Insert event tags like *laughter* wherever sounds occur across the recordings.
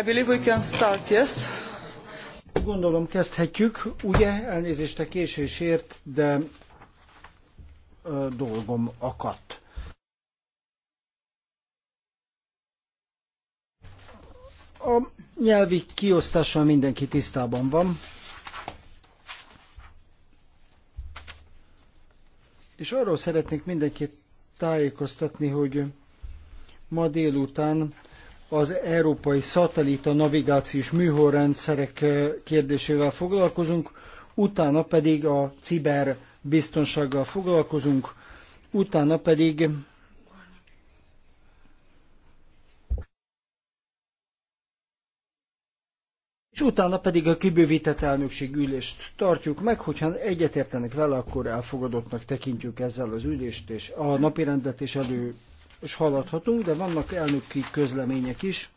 I believe we can start, yes? Gondolom kezdhetjük, ugye? Elnézést a késésért, de ö, dolgom akadt. A nyelvi kiosztással mindenki tisztában van. És arról szeretnék mindenkit tájékoztatni, hogy ma délután az európai szatellita navigációs műhórrendszerek eh, kérdésével foglalkozunk, utána pedig a ciberbiztonsággal foglalkozunk, utána pedig és utána pedig a kibővített elnökség ülést tartjuk meg, hogyha egyetértenek vele, akkor elfogadottnak tekintjük ezzel az ülést, és a napirendet és elő és haladhatunk, de vannak elnöki közlemények is.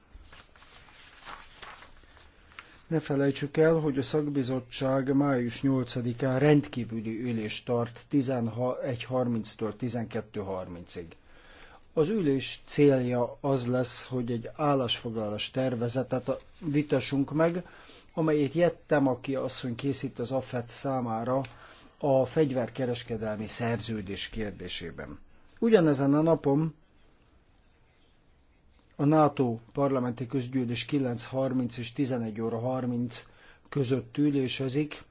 Ne felejtsük el, hogy a szakbizottság május 8-án rendkívüli ülést tart 11.30-től 12.30-ig. Az ülés célja az lesz, hogy egy állásfoglalás tervezetet vitassunk meg, amelyet Jettem, aki asszony készít az AFET számára a fegyverkereskedelmi szerződés kérdésében. Ugyanezen a napon a NATO parlamenti közgyűlés 9.30 és 11 óra 30 között ülésezik.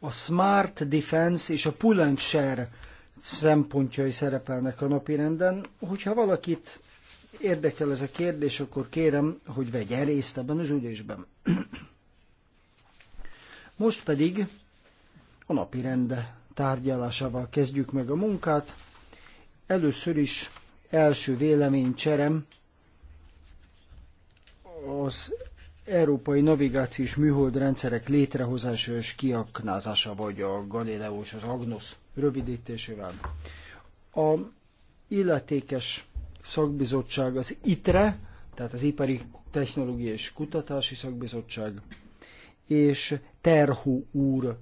A Smart Defense és a Pull and Share szempontjai szerepelnek a napirenden. Hogyha valakit érdekel ez a kérdés, akkor kérem, hogy vegye részt ebben az ülésben. *clears throat* Most pedig a napi rende tárgyalásával kezdjük meg a munkát. Először is első véleménycserem az európai navigációs műholdrendszerek létrehozása és kiaknázása, vagy a Galileo és az Agnos rövidítésével. A illetékes szakbizottság az ITRE, tehát az Ipari Technológiai és Kutatási Szakbizottság, és Terhu úr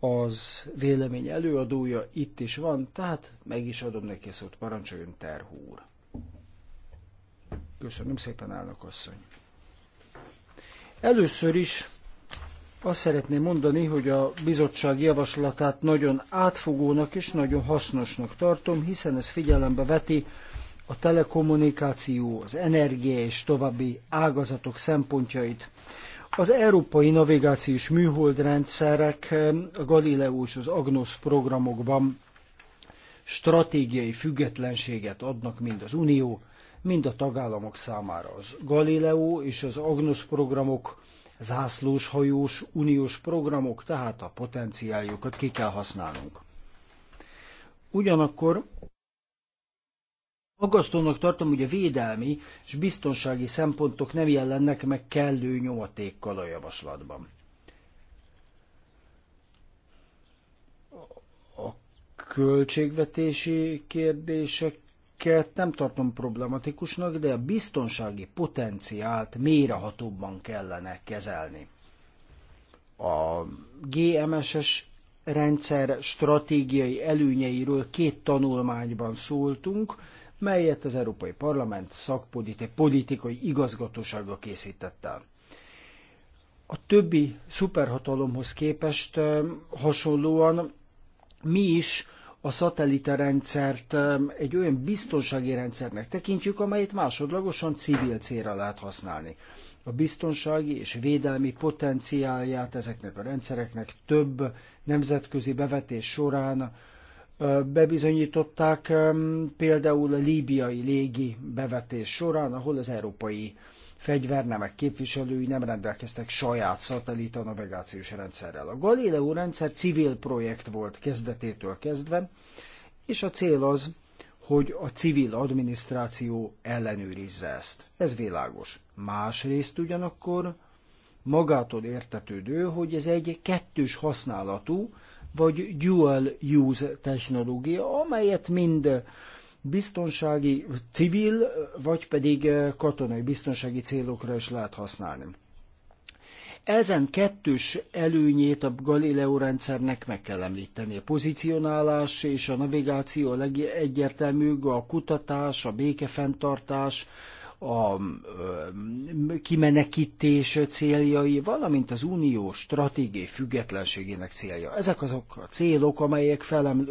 az vélemény előadója itt is van, tehát meg is adom neki a szót, parancsoljon Terhúr. Köszönöm szépen, állnak asszony. Először is azt szeretném mondani, hogy a bizottság javaslatát nagyon átfogónak és nagyon hasznosnak tartom, hiszen ez figyelembe veti a telekommunikáció, az energia és további ágazatok szempontjait. Az európai navigációs műholdrendszerek a Galileo és az Agnos programokban stratégiai függetlenséget adnak mind az Unió, mind a tagállamok számára. Az Galileo és az Agnos programok zászlóshajós uniós programok, tehát a potenciáljukat ki kell használnunk. Ugyanakkor Aggasztónak tartom, hogy a védelmi és biztonsági szempontok nem jelennek meg kellő nyomatékkal a javaslatban. A költségvetési kérdéseket nem tartom problematikusnak, de a biztonsági potenciált mérehatóbban kellene kezelni. A GMS-es rendszer stratégiai előnyeiről két tanulmányban szóltunk, melyet az Európai Parlament szakpolitikai igazgatósága készített el. A többi szuperhatalomhoz képest hasonlóan mi is a szatellita rendszert egy olyan biztonsági rendszernek tekintjük, amelyet másodlagosan civil célra lehet használni. A biztonsági és védelmi potenciálját ezeknek a rendszereknek több nemzetközi bevetés során bebizonyították például a líbiai légi bevetés során, ahol az európai fegyvernemek képviselői nem rendelkeztek saját szatellita navigációs rendszerrel. A Galileo rendszer civil projekt volt kezdetétől kezdve, és a cél az, hogy a civil adminisztráció ellenőrizze ezt. Ez világos. Másrészt ugyanakkor magától értetődő, hogy ez egy kettős használatú, vagy dual use technológia, amelyet mind biztonsági, civil, vagy pedig eh, katonai biztonsági célokra is lehet használni. Ezen kettős előnyét a Galileo rendszernek meg kell említeni. A pozícionálás és a navigáció a legegyértelműbb, a kutatás, a békefenntartás, a kimenekítés céljai, valamint az unió stratégiai függetlenségének célja. Ezek azok a célok, amelyek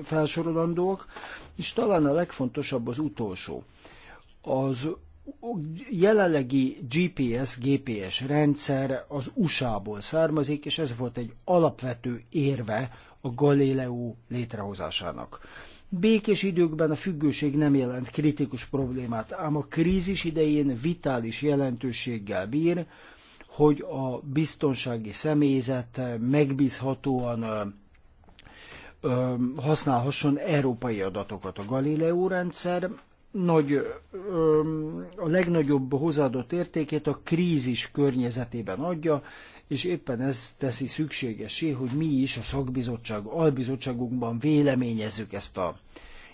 felsorolandók, és talán a legfontosabb az utolsó. Az jelenlegi GPS-GPS rendszer az USA-ból származik, és ez volt egy alapvető érve a Galileo létrehozásának. Békés időkben a függőség nem jelent kritikus problémát, ám a krízis idején vitális jelentőséggel bír, hogy a biztonsági személyzet megbízhatóan használhasson európai adatokat. A Galileo rendszer nagy, a legnagyobb hozzáadott értékét a krízis környezetében adja, és éppen ez teszi szükségesé, hogy mi is a szakbizottság, albizottságunkban véleményezzük ezt a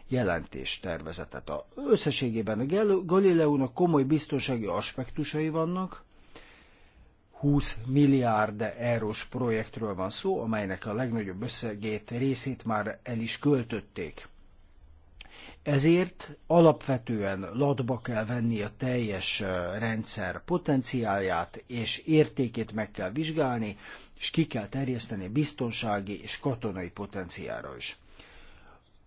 jelentéstervezetet. A összességében a Galileónak komoly biztonsági aspektusai vannak, 20 milliárd eurós projektről van szó, amelynek a legnagyobb összegét részét már el is költötték. Ezért alapvetően latba kell venni a teljes rendszer potenciálját, és értékét meg kell vizsgálni, és ki kell terjeszteni biztonsági és katonai potenciára is.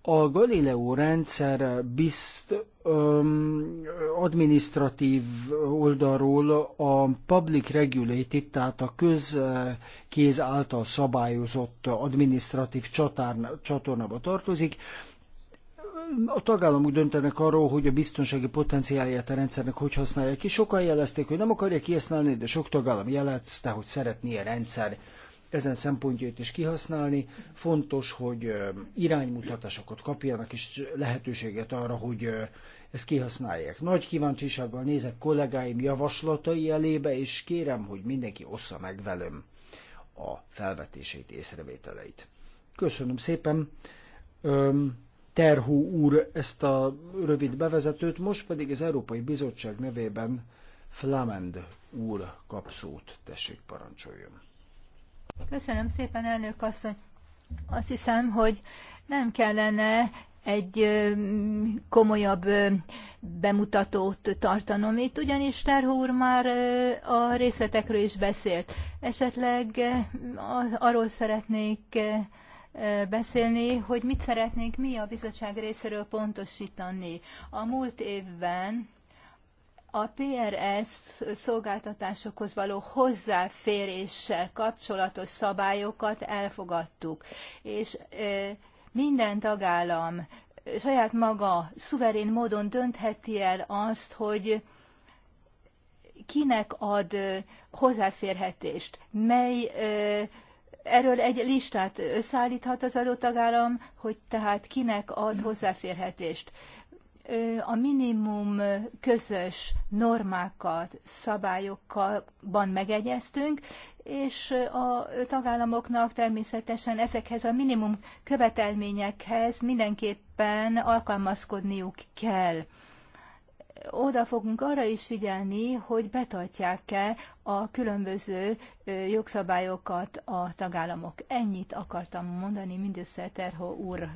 A Galileo rendszer bizt um, administratív oldalról a public regulated, tehát a közkéz által szabályozott administratív csatorna csatornába tartozik, a tagállamok döntenek arról, hogy a biztonsági potenciálját a rendszernek hogy használják ki. Sokan jelezték, hogy nem akarják kihasználni, de sok tagállam jelezte, hogy szeretné a rendszer ezen szempontjait is kihasználni. Fontos, hogy iránymutatásokat kapjanak, és lehetőséget arra, hogy ezt kihasználják. Nagy kíváncsisággal nézek kollégáim javaslatai elébe, és kérem, hogy mindenki ossza meg velem a felvetését, észrevételeit. Köszönöm szépen! Terhú úr ezt a rövid bevezetőt, most pedig az Európai Bizottság nevében Flamend úr kap szót. Tessék, parancsoljon. Köszönöm szépen, elnök asszony. Azt hiszem, hogy nem kellene egy komolyabb bemutatót tartanom itt, ugyanis Terhú úr már a részletekről is beszélt. Esetleg arról szeretnék beszélni, hogy mit szeretnénk mi a bizottság részéről pontosítani. A múlt évben a PRS szolgáltatásokhoz való hozzáféréssel kapcsolatos szabályokat elfogadtuk, és minden tagállam saját maga szuverén módon döntheti el azt, hogy kinek ad hozzáférhetést, mely Erről egy listát összeállíthat az adott tagállam, hogy tehát kinek ad hozzáférhetést. A minimum közös normákat, szabályokkalban megegyeztünk, és a tagállamoknak természetesen ezekhez a minimum követelményekhez mindenképpen alkalmazkodniuk kell oda fogunk arra is figyelni, hogy betartják-e a különböző jogszabályokat a tagállamok. Ennyit akartam mondani mindössze Terho úr.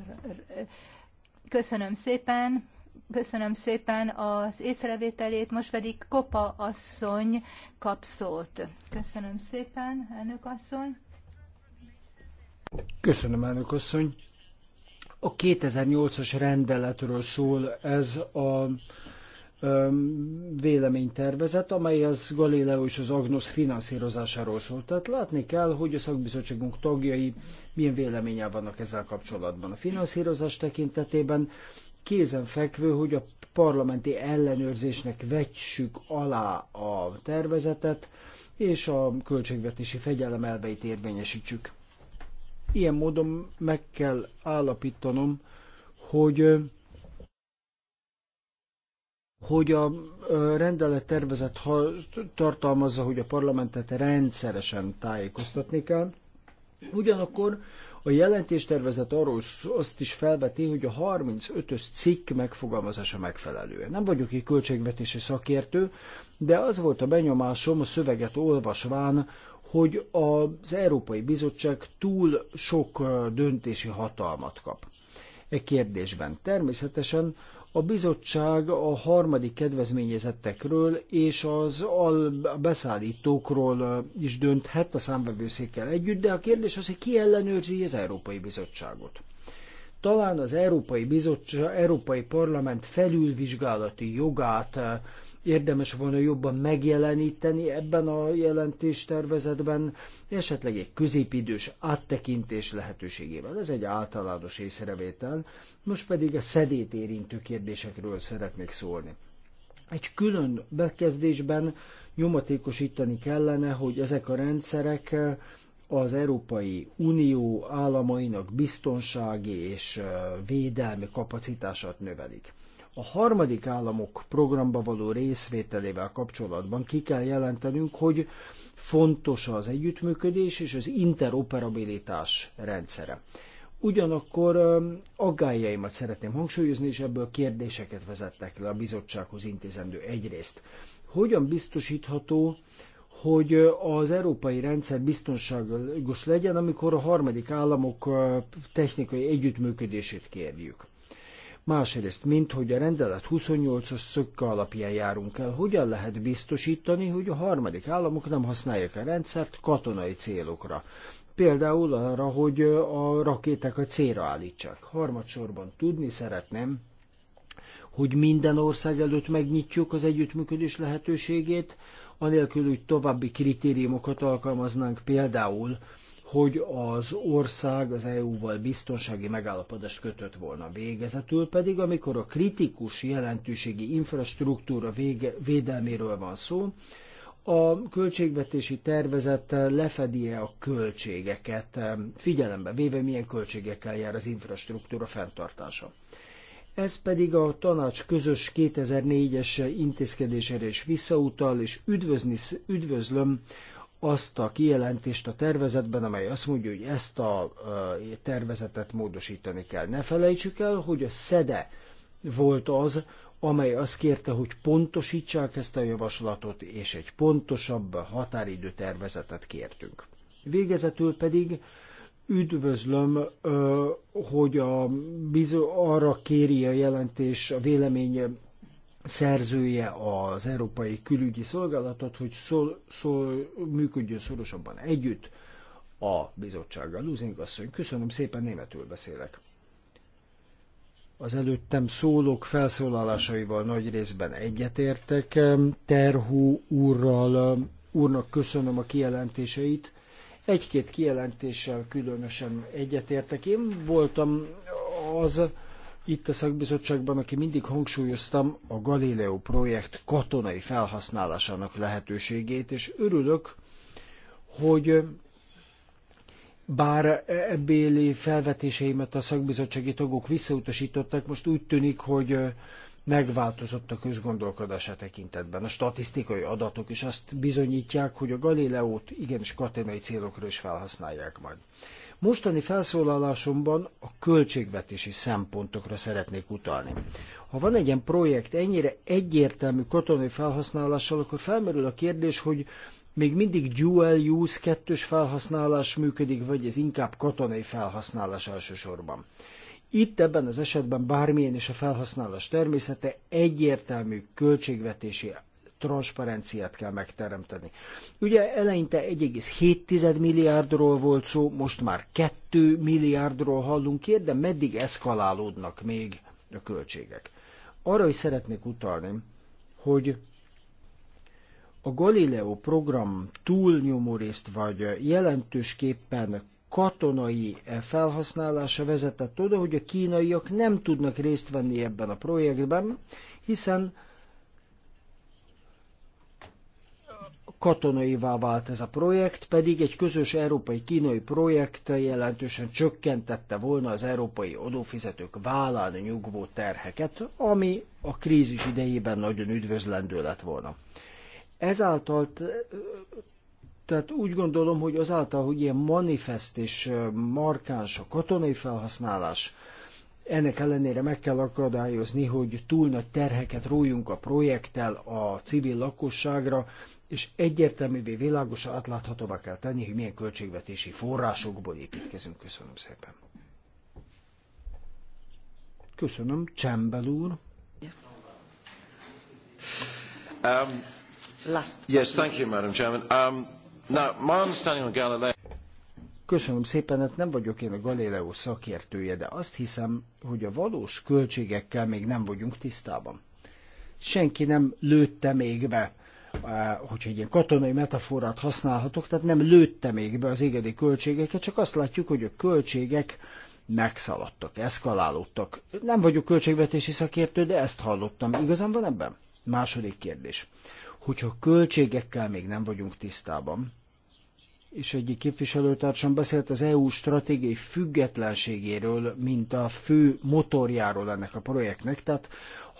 Köszönöm szépen, köszönöm szépen az észrevételét, most pedig Kopa asszony kap szót. Köszönöm szépen, elnök asszony. Köszönöm, elnök asszony. A 2008-as rendeletről szól ez a véleménytervezet, amely az Galileo és az agnosz finanszírozásáról szólt. Tehát látni kell, hogy a szakbizottságunk tagjai milyen véleménye vannak ezzel kapcsolatban. A finanszírozás tekintetében kézenfekvő, hogy a parlamenti ellenőrzésnek vetsük alá a tervezetet, és a költségvetési fegyelem elveit érvényesítsük. Ilyen módon meg kell állapítanom, hogy hogy a rendelet tervezet tartalmazza, hogy a parlamentet rendszeresen tájékoztatni kell. Ugyanakkor a jelentéstervezet arról azt is felveti, hogy a 35-ös cikk megfogalmazása megfelelő. Nem vagyok egy költségvetési szakértő, de az volt a benyomásom a szöveget olvasván, hogy az Európai Bizottság túl sok döntési hatalmat kap. E kérdésben természetesen a bizottság a harmadik kedvezményezettekről és az beszállítókról is dönthet a számbevőszékkel együtt, de a kérdés az, hogy ki ellenőrzi az Európai Bizottságot. Talán az Európai, Bizottság, Európai Parlament felülvizsgálati jogát érdemes volna jobban megjeleníteni ebben a jelentéstervezetben, esetleg egy középidős áttekintés lehetőségével. Ez egy általános észrevétel. Most pedig a szedét érintő kérdésekről szeretnék szólni. Egy külön bekezdésben nyomatékosítani kellene, hogy ezek a rendszerek az Európai Unió államainak biztonsági és védelmi kapacitását növelik. A harmadik államok programba való részvételével kapcsolatban ki kell jelentenünk, hogy fontos az együttműködés és az interoperabilitás rendszere. Ugyanakkor aggájaimat szeretném hangsúlyozni, és ebből kérdéseket vezettek le a bizottsághoz intézendő egyrészt. Hogyan biztosítható, hogy az európai rendszer biztonságos legyen, amikor a harmadik államok technikai együttműködését kérjük? másrészt, mint hogy a rendelet 28-as szökke alapján járunk el, hogyan lehet biztosítani, hogy a harmadik államok nem használják a rendszert katonai célokra. Például arra, hogy a rakéták a célra állítsák. Harmadsorban tudni szeretném, hogy minden ország előtt megnyitjuk az együttműködés lehetőségét, anélkül, hogy további kritériumokat alkalmaznánk például, hogy az ország az EU-val biztonsági megállapodást kötött volna. Végezetül pedig, amikor a kritikus jelentőségi infrastruktúra vége, védelméről van szó, a költségvetési tervezet lefedie a költségeket, figyelembe véve milyen költségekkel jár az infrastruktúra fenntartása. Ez pedig a tanács közös 2004-es intézkedésére is visszautal, és üdvözlöm azt a kijelentést a tervezetben, amely azt mondja, hogy ezt a tervezetet módosítani kell. Ne felejtsük el, hogy a SZEDE volt az, amely azt kérte, hogy pontosítsák ezt a javaslatot, és egy pontosabb határidő tervezetet kértünk. Végezetül pedig üdvözlöm, hogy a, arra kéri a jelentés, a vélemény szerzője az Európai Külügyi Szolgálatot, hogy szol, szol, működjön szorosabban együtt a bizottsággal. Luzing asszony, köszönöm szépen, németül beszélek. Az előttem szólók felszólalásaival nagy részben egyetértek. Terhú úrral, úrnak köszönöm a kijelentéseit. Egy-két kijelentéssel különösen egyetértek. Én voltam az, itt a szakbizottságban, aki mindig hangsúlyoztam a Galileo projekt katonai felhasználásának lehetőségét, és örülök, hogy bár ebbéli felvetéseimet a szakbizottsági tagok visszautasították, most úgy tűnik, hogy megváltozott a közgondolkodása tekintetben. A statisztikai adatok is azt bizonyítják, hogy a Galileót igenis katonai célokra is felhasználják majd. Mostani felszólalásomban a költségvetési szempontokra szeretnék utalni. Ha van egy ilyen projekt ennyire egyértelmű katonai felhasználással, akkor felmerül a kérdés, hogy még mindig dual use, kettős felhasználás működik, vagy ez inkább katonai felhasználás elsősorban. Itt ebben az esetben bármilyen is a felhasználás természete egyértelmű költségvetési transzparenciát kell megteremteni. Ugye eleinte 1,7 milliárdról volt szó, most már 2 milliárdról hallunk ki, de meddig eszkalálódnak még a költségek. Arra is szeretnék utalni, hogy a Galileo program túlnyomó részt vagy jelentősképpen katonai eh, felhasználása vezetett oda, hogy a kínaiak nem tudnak részt venni ebben a projektben, hiszen katonaivá vált ez a projekt, pedig egy közös európai-kínai projekt jelentősen csökkentette volna az európai adófizetők vállán nyugvó terheket, ami a krízis idejében nagyon üdvözlendő lett volna. Ezáltal tehát úgy gondolom, hogy azáltal, hogy ilyen manifest és markáns a katonai felhasználás, ennek ellenére meg kell akadályozni, hogy túl nagy terheket rójunk a projekttel a civil lakosságra, és egyértelművé, világosan átláthatóvá kell tenni, hogy milyen költségvetési forrásokból építkezünk. Köszönöm szépen. Köszönöm, Csembel úr. Um, yes, thank you, Madam Chairman. Um, Köszönöm szépen, hát nem vagyok én a Galileo szakértője, de azt hiszem, hogy a valós költségekkel még nem vagyunk tisztában. Senki nem lőtte még be, eh, hogyha egy ilyen katonai metaforát használhatok, tehát nem lőtte még be az égedi költségeket, csak azt látjuk, hogy a költségek megszaladtak, eszkalálódtak. Nem vagyok költségvetési szakértő, de ezt hallottam. Igazán van ebben? Második kérdés. Hogyha költségekkel még nem vagyunk tisztában, és egyik képviselőtársam beszélt az EU stratégiai függetlenségéről, mint a fő motorjáról ennek a projektnek. Tehát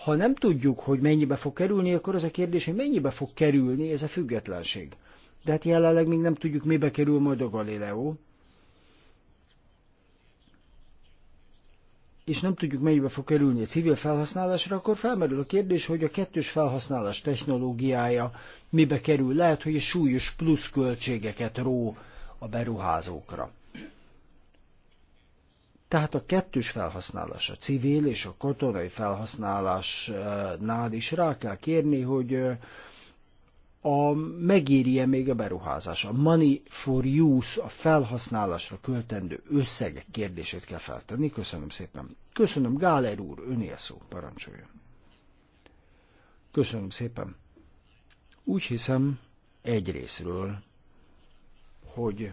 ha nem tudjuk, hogy mennyibe fog kerülni, akkor az a kérdés, hogy mennyibe fog kerülni ez a függetlenség. De hát jelenleg még nem tudjuk, mibe kerül majd a Galileo, és nem tudjuk mennyibe fog kerülni a civil felhasználásra, akkor felmerül a kérdés, hogy a kettős felhasználás technológiája mibe kerül. Lehet, hogy súlyos plusz költségeket ró a beruházókra. Tehát a kettős felhasználás, a civil és a katonai felhasználásnál is rá kell kérni, hogy a megéri-e még a beruházás. A money for use, a felhasználásra költendő összegek kérdését kell feltenni. Köszönöm szépen. Köszönöm, Gáler úr, önél szó, parancsoljon. Köszönöm szépen. Úgy hiszem, egy részről, hogy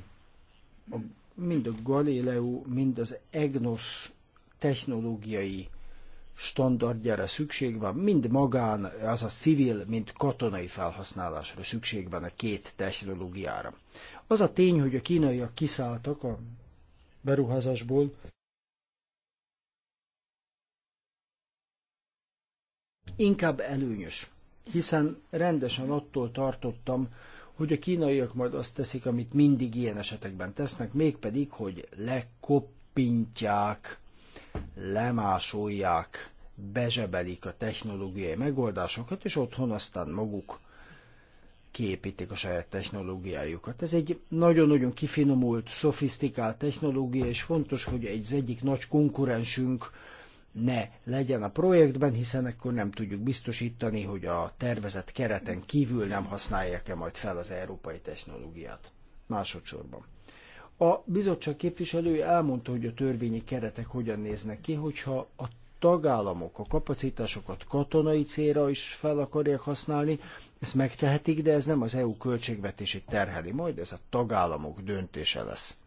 a, mind a Galileo, mind az EGNOS technológiai standardjára szükség van, mind magán, az a civil, mind katonai felhasználásra szükség van a két technológiára. Az a tény, hogy a kínaiak kiszálltak a beruházásból, inkább előnyös, hiszen rendesen attól tartottam, hogy a kínaiak majd azt teszik, amit mindig ilyen esetekben tesznek, mégpedig, hogy lekoppintják lemásolják, bezsebelik a technológiai megoldásokat, és otthon aztán maguk kiépítik a saját technológiájukat. Ez egy nagyon-nagyon kifinomult, szofisztikált technológia, és fontos, hogy egy egyik nagy konkurensünk ne legyen a projektben, hiszen akkor nem tudjuk biztosítani, hogy a tervezett kereten kívül nem használják-e majd fel az európai technológiát. Másodszorban. A bizottság képviselője elmondta, hogy a törvényi keretek hogyan néznek ki, hogyha a tagállamok a kapacitásokat katonai célra is fel akarják használni, ezt megtehetik, de ez nem az EU költségvetését terheli, majd ez a tagállamok döntése lesz.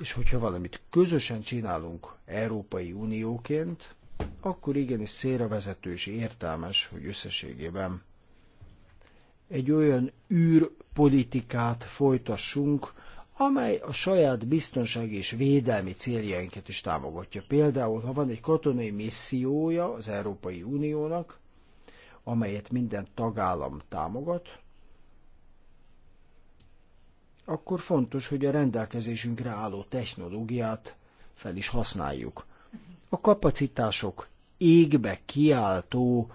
És hogyha valamit közösen csinálunk Európai Unióként, akkor igenis szélrevezető és értelmes, hogy összességében egy olyan űrpolitikát folytassunk, amely a saját biztonsági és védelmi céljainkat is támogatja. Például, ha van egy katonai missziója az Európai Uniónak, amelyet minden tagállam támogat, akkor fontos, hogy a rendelkezésünkre álló technológiát fel is használjuk. A kapacitások égbe kiáltó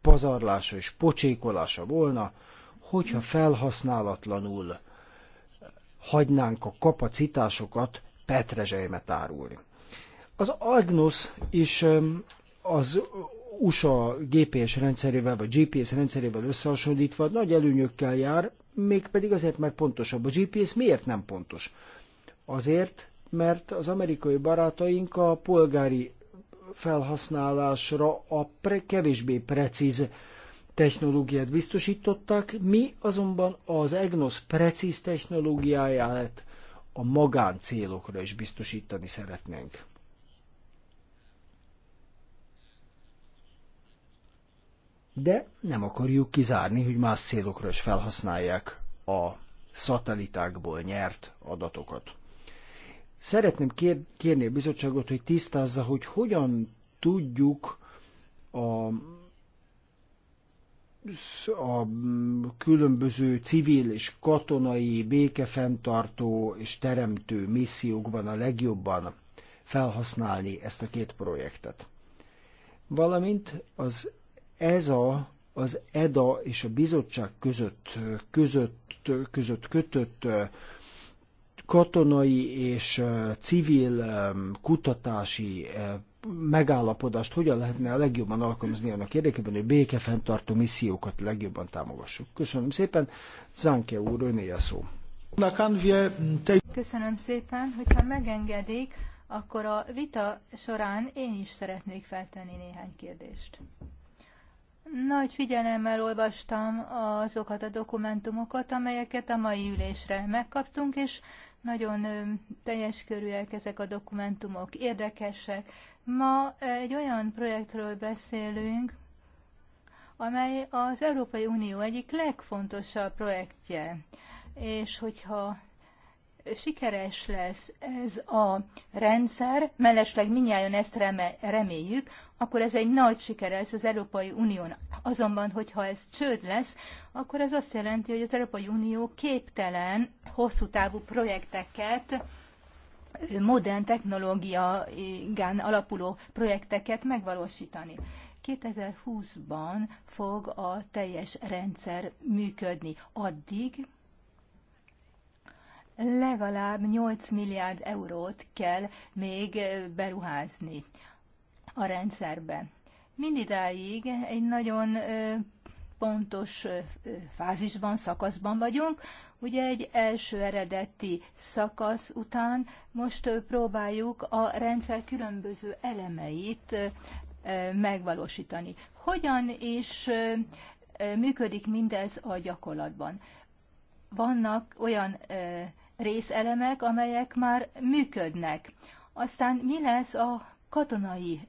pazarlása és pocsékolása volna, hogyha felhasználatlanul hagynánk a kapacitásokat petrezselymet árulni. Az Agnos is az USA GPS rendszerével, vagy GPS rendszerével összehasonlítva nagy előnyökkel jár, mégpedig azért, mert pontosabb. A GPS miért nem pontos? Azért, mert az amerikai barátaink a polgári felhasználásra a pre- kevésbé precíz technológiát biztosítottak, mi azonban az EGNOS precíz technológiáját a magán célokra is biztosítani szeretnénk. De nem akarjuk kizárni, hogy más célokra is felhasználják a szatelitákból nyert adatokat. Szeretném kér, kérni a bizottságot, hogy tisztázza, hogy hogyan tudjuk a a különböző civil és katonai békefenntartó és teremtő missziókban a legjobban felhasználni ezt a két projektet. Valamint az EZA, az EDA és a bizottság között, között, között kötött katonai és civil kutatási megállapodást hogyan lehetne a legjobban alkalmazni annak érdekében, hogy békefenntartó missziókat legjobban támogassuk. Köszönöm szépen. Zánke úr, öné a szó. Köszönöm szépen, hogyha megengedik, akkor a vita során én is szeretnék feltenni néhány kérdést. Nagy figyelemmel olvastam azokat a dokumentumokat, amelyeket a mai ülésre megkaptunk, és nagyon teljes körűek ezek a dokumentumok, érdekesek. Ma egy olyan projektről beszélünk, amely az Európai Unió egyik legfontosabb projektje. És hogyha sikeres lesz ez a rendszer, mellesleg minnyáján ezt reméljük, akkor ez egy nagy siker lesz az Európai Uniónak. Azonban, hogyha ez csőd lesz, akkor ez azt jelenti, hogy az Európai Unió képtelen hosszú távú projekteket, modern technológián alapuló projekteket megvalósítani. 2020-ban fog a teljes rendszer működni. Addig legalább 8 milliárd eurót kell még beruházni a rendszerbe. Mindidáig egy nagyon pontos fázisban, szakaszban vagyunk. Ugye egy első eredeti szakasz után most próbáljuk a rendszer különböző elemeit megvalósítani. Hogyan is működik mindez a gyakorlatban? Vannak olyan részelemek, amelyek már működnek. Aztán mi lesz a katonai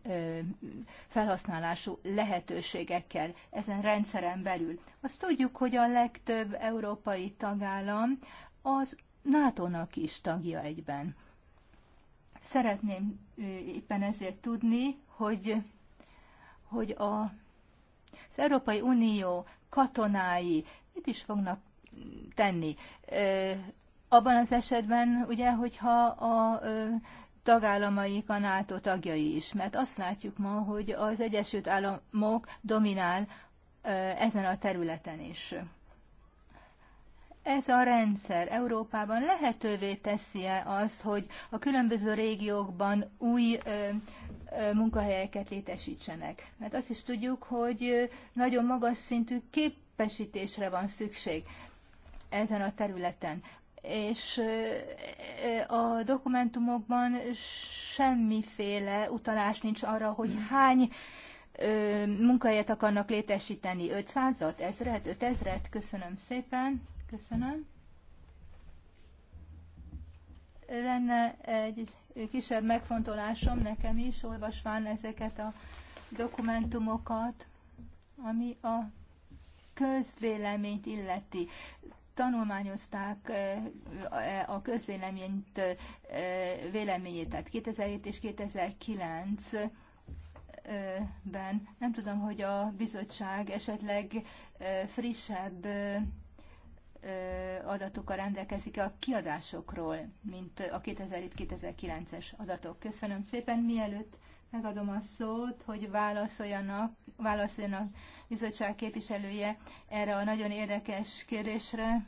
felhasználású lehetőségekkel ezen rendszeren belül. Azt tudjuk, hogy a legtöbb európai tagállam az NATO-nak is tagja egyben. Szeretném éppen ezért tudni, hogy, hogy a, az Európai Unió katonái mit is fognak tenni. Abban az esetben, ugye, hogyha a tagállamaik a NATO tagjai is, mert azt látjuk ma, hogy az Egyesült Államok dominál ezen a területen is. Ez a rendszer Európában lehetővé teszi-e az, hogy a különböző régiókban új ö, ö, munkahelyeket létesítsenek? Mert azt is tudjuk, hogy nagyon magas szintű képesítésre van szükség ezen a területen és a dokumentumokban semmiféle utalás nincs arra, hogy hány munkahelyet akarnak létesíteni. 500-at, 1000-et, 5000-et? Köszönöm szépen. Köszönöm. Lenne egy kisebb megfontolásom nekem is, olvasván ezeket a dokumentumokat, ami a közvéleményt illeti tanulmányozták a közvéleményt, véleményét, tehát 2007 és 2009 ben nem tudom, hogy a bizottság esetleg frissebb adatokkal rendelkezik a kiadásokról, mint a 2007-2009-es adatok. Köszönöm szépen. Mielőtt megadom a szót, hogy válaszoljanak, válaszoljanak bizottság képviselője erre a nagyon érdekes kérdésre.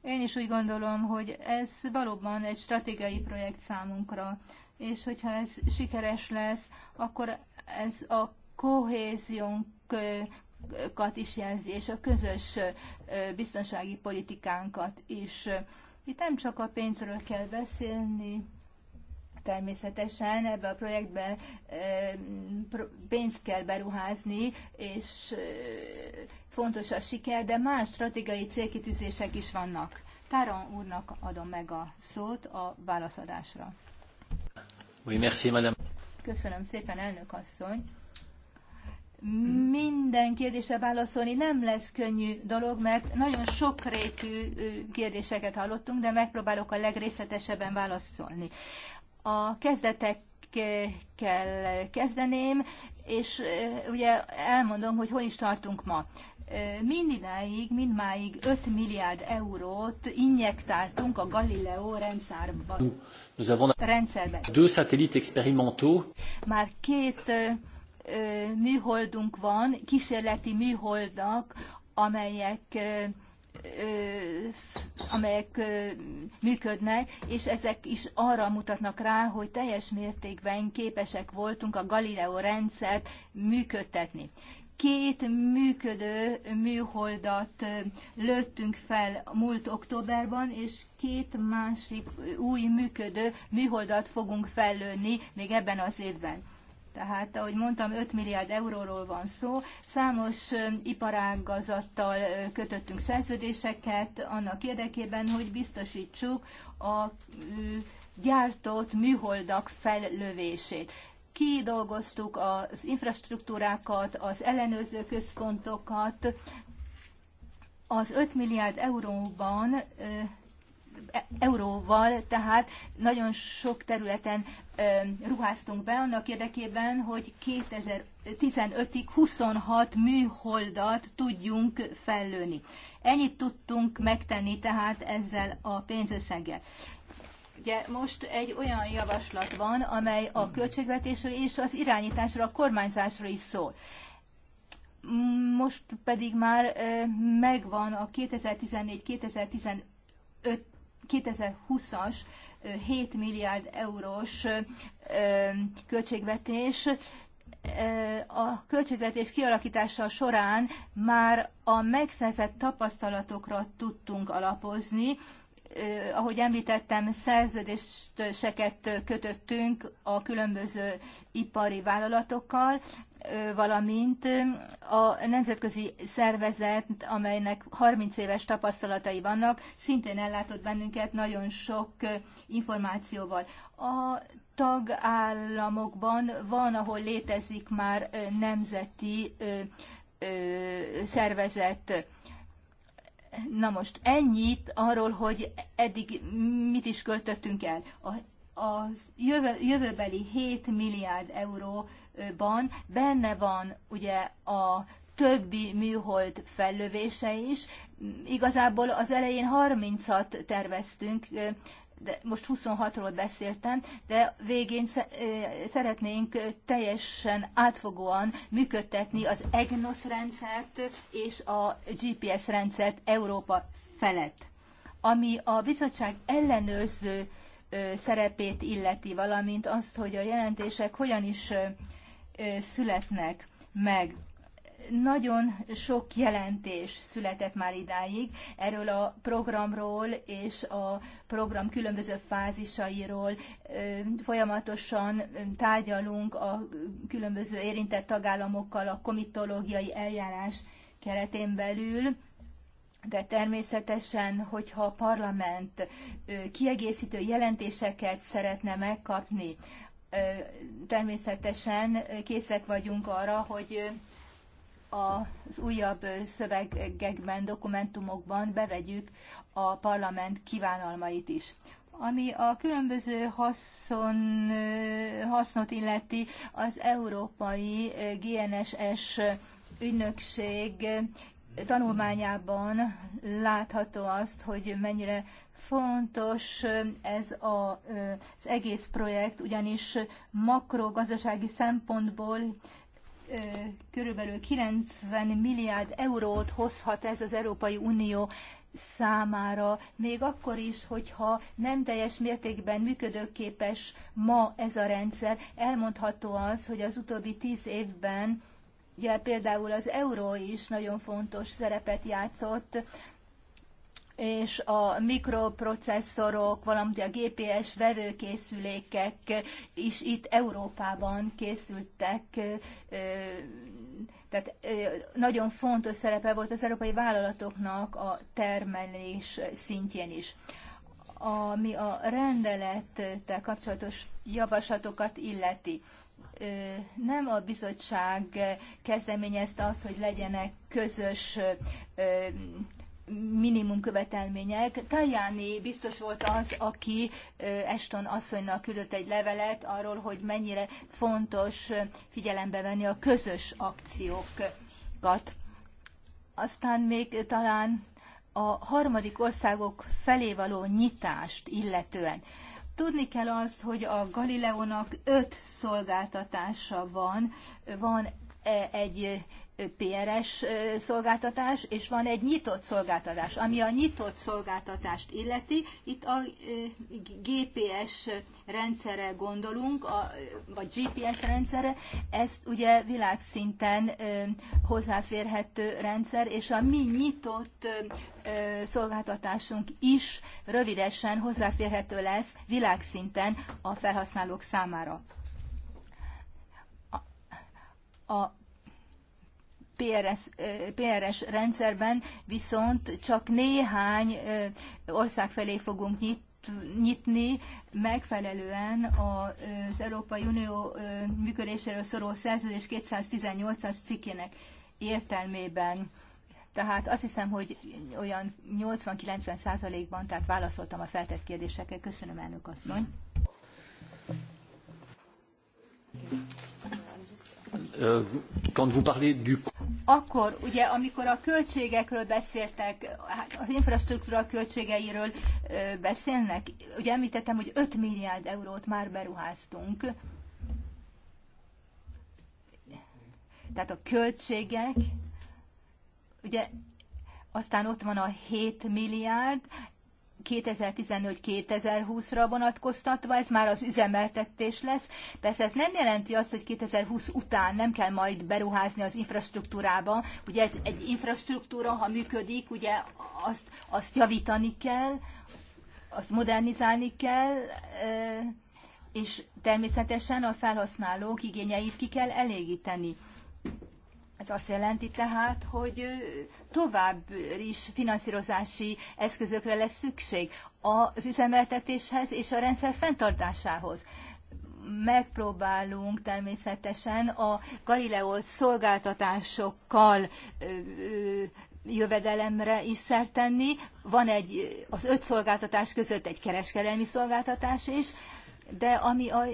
Én is úgy gondolom, hogy ez valóban egy stratégiai projekt számunkra, és hogyha ez sikeres lesz, akkor ez a kohéziónkat is jelzi, és a közös biztonsági politikánkat is. Itt nem csak a pénzről kell beszélni, Természetesen ebbe a projektbe pénzt kell beruházni, és fontos a siker, de más stratégiai célkitűzések is vannak. Táron úrnak adom meg a szót a válaszadásra. Köszönöm szépen, elnök asszony minden kérdésre válaszolni nem lesz könnyű dolog, mert nagyon sokrétű kérdéseket hallottunk, de megpróbálok a legrészletesebben válaszolni. A kezdetekkel kezdeném, és ugye elmondom, hogy hol is tartunk ma. Mindidáig, mindmáig 5 milliárd eurót injektáltunk a Galileo rendszerbe. Nous avons rendszerbe. Deux satellites expérimentaux. Már két műholdunk van, kísérleti műholdak, amelyek amelyek működnek, és ezek is arra mutatnak rá, hogy teljes mértékben képesek voltunk a Galileo rendszert működtetni. Két működő műholdat lőttünk fel múlt októberban, és két másik új működő műholdat fogunk fellőni még ebben az évben. Tehát, ahogy mondtam, 5 milliárd euróról van szó. Számos iparágazattal kötöttünk szerződéseket annak érdekében, hogy biztosítsuk a gyártott műholdak fellövését kidolgoztuk az infrastruktúrákat, az ellenőrző központokat. Az 5 milliárd euróban euróval, tehát nagyon sok területen ruháztunk be annak érdekében, hogy 2015-ig 26 műholdat tudjunk fellőni. Ennyit tudtunk megtenni tehát ezzel a pénzösszeggel. Ugye most egy olyan javaslat van, amely a költségvetésről és az irányításról, a kormányzásról is szól. Most pedig már megvan a 2014-2015 2020-as 7 milliárd eurós költségvetés. A költségvetés kialakítása során már a megszerzett tapasztalatokra tudtunk alapozni, ahogy említettem, szerződéseket kötöttünk a különböző ipari vállalatokkal, valamint a nemzetközi szervezet, amelynek 30 éves tapasztalatai vannak, szintén ellátott bennünket nagyon sok információval. A tagállamokban van, ahol létezik már nemzeti szervezet. Na most ennyit arról, hogy eddig mit is költöttünk el. A a jövő, jövőbeli 7 milliárd euró ban benne van ugye a többi műhold fellövése is. Igazából az elején 30-at terveztünk, de most 26-ról beszéltem, de végén szeretnénk teljesen átfogóan működtetni az EGNOS rendszert és a GPS rendszert Európa felett. Ami a bizottság ellenőrző szerepét illeti, valamint azt, hogy a jelentések hogyan is születnek meg. Nagyon sok jelentés született már idáig erről a programról és a program különböző fázisairól. Folyamatosan tárgyalunk a különböző érintett tagállamokkal a komitológiai eljárás keretén belül. De természetesen, hogyha a parlament kiegészítő jelentéseket szeretne megkapni természetesen készek vagyunk arra, hogy az újabb szövegekben, dokumentumokban bevegyük a parlament kívánalmait is. Ami a különböző haszon, hasznot illeti, az Európai GNSS ügynökség tanulmányában látható azt, hogy mennyire Fontos ez a, az egész projekt, ugyanis makrogazdasági szempontból körülbelül 90 milliárd eurót hozhat ez az Európai Unió számára, még akkor is, hogyha nem teljes mértékben működőképes ma ez a rendszer, elmondható az, hogy az utóbbi tíz évben Ugye például az euró is nagyon fontos szerepet játszott és a mikroprocesszorok, valamint a GPS vevőkészülékek is itt Európában készültek, tehát nagyon fontos szerepe volt az európai vállalatoknak a termelés szintjén is. Ami a rendelettel kapcsolatos javaslatokat illeti, nem a bizottság kezdeményezte azt, hogy legyenek közös minimum követelmények. Tajáni biztos volt az, aki Eston asszonynak küldött egy levelet arról, hogy mennyire fontos figyelembe venni a közös akciókat. Aztán még talán a harmadik országok felé való nyitást illetően. Tudni kell azt, hogy a Galileónak öt szolgáltatása van, van e, egy PRS szolgáltatás, és van egy nyitott szolgáltatás. Ami a nyitott szolgáltatást illeti, itt a GPS rendszerre gondolunk, a, vagy GPS rendszerre, ez ugye világszinten hozzáférhető rendszer, és a mi nyitott szolgáltatásunk is rövidesen hozzáférhető lesz világszinten a felhasználók számára. A PRS, PRS rendszerben viszont csak néhány ország felé fogunk nyitni, nyitni megfelelően az Európai Unió működéséről szóló szerződés 218-as cikkének értelmében. Tehát azt hiszem, hogy olyan 80-90 százalékban, tehát válaszoltam a feltett kérdésekre. Köszönöm, elnök asszony. Köszönöm quand vous parlez du... Akkor, ugye, amikor a költségekről beszéltek, hát az infrastruktúra költségeiről beszélnek, ugye említettem, hogy 5 milliárd eurót már beruháztunk. Tehát a költségek, ugye aztán ott van a 7 milliárd, 2014-2020-ra vonatkoztatva, ez már az üzemeltetés lesz. Persze ez nem jelenti azt, hogy 2020 után nem kell majd beruházni az infrastruktúrába. Ugye ez egy infrastruktúra, ha működik, ugye azt, azt javítani kell, azt modernizálni kell, és természetesen a felhasználók igényeit ki kell elégíteni. Ez azt jelenti tehát, hogy tovább is finanszírozási eszközökre lesz szükség az üzemeltetéshez és a rendszer fenntartásához megpróbálunk természetesen a Galileo szolgáltatásokkal jövedelemre is szert tenni. Van egy, az öt szolgáltatás között egy kereskedelmi szolgáltatás is, de ami a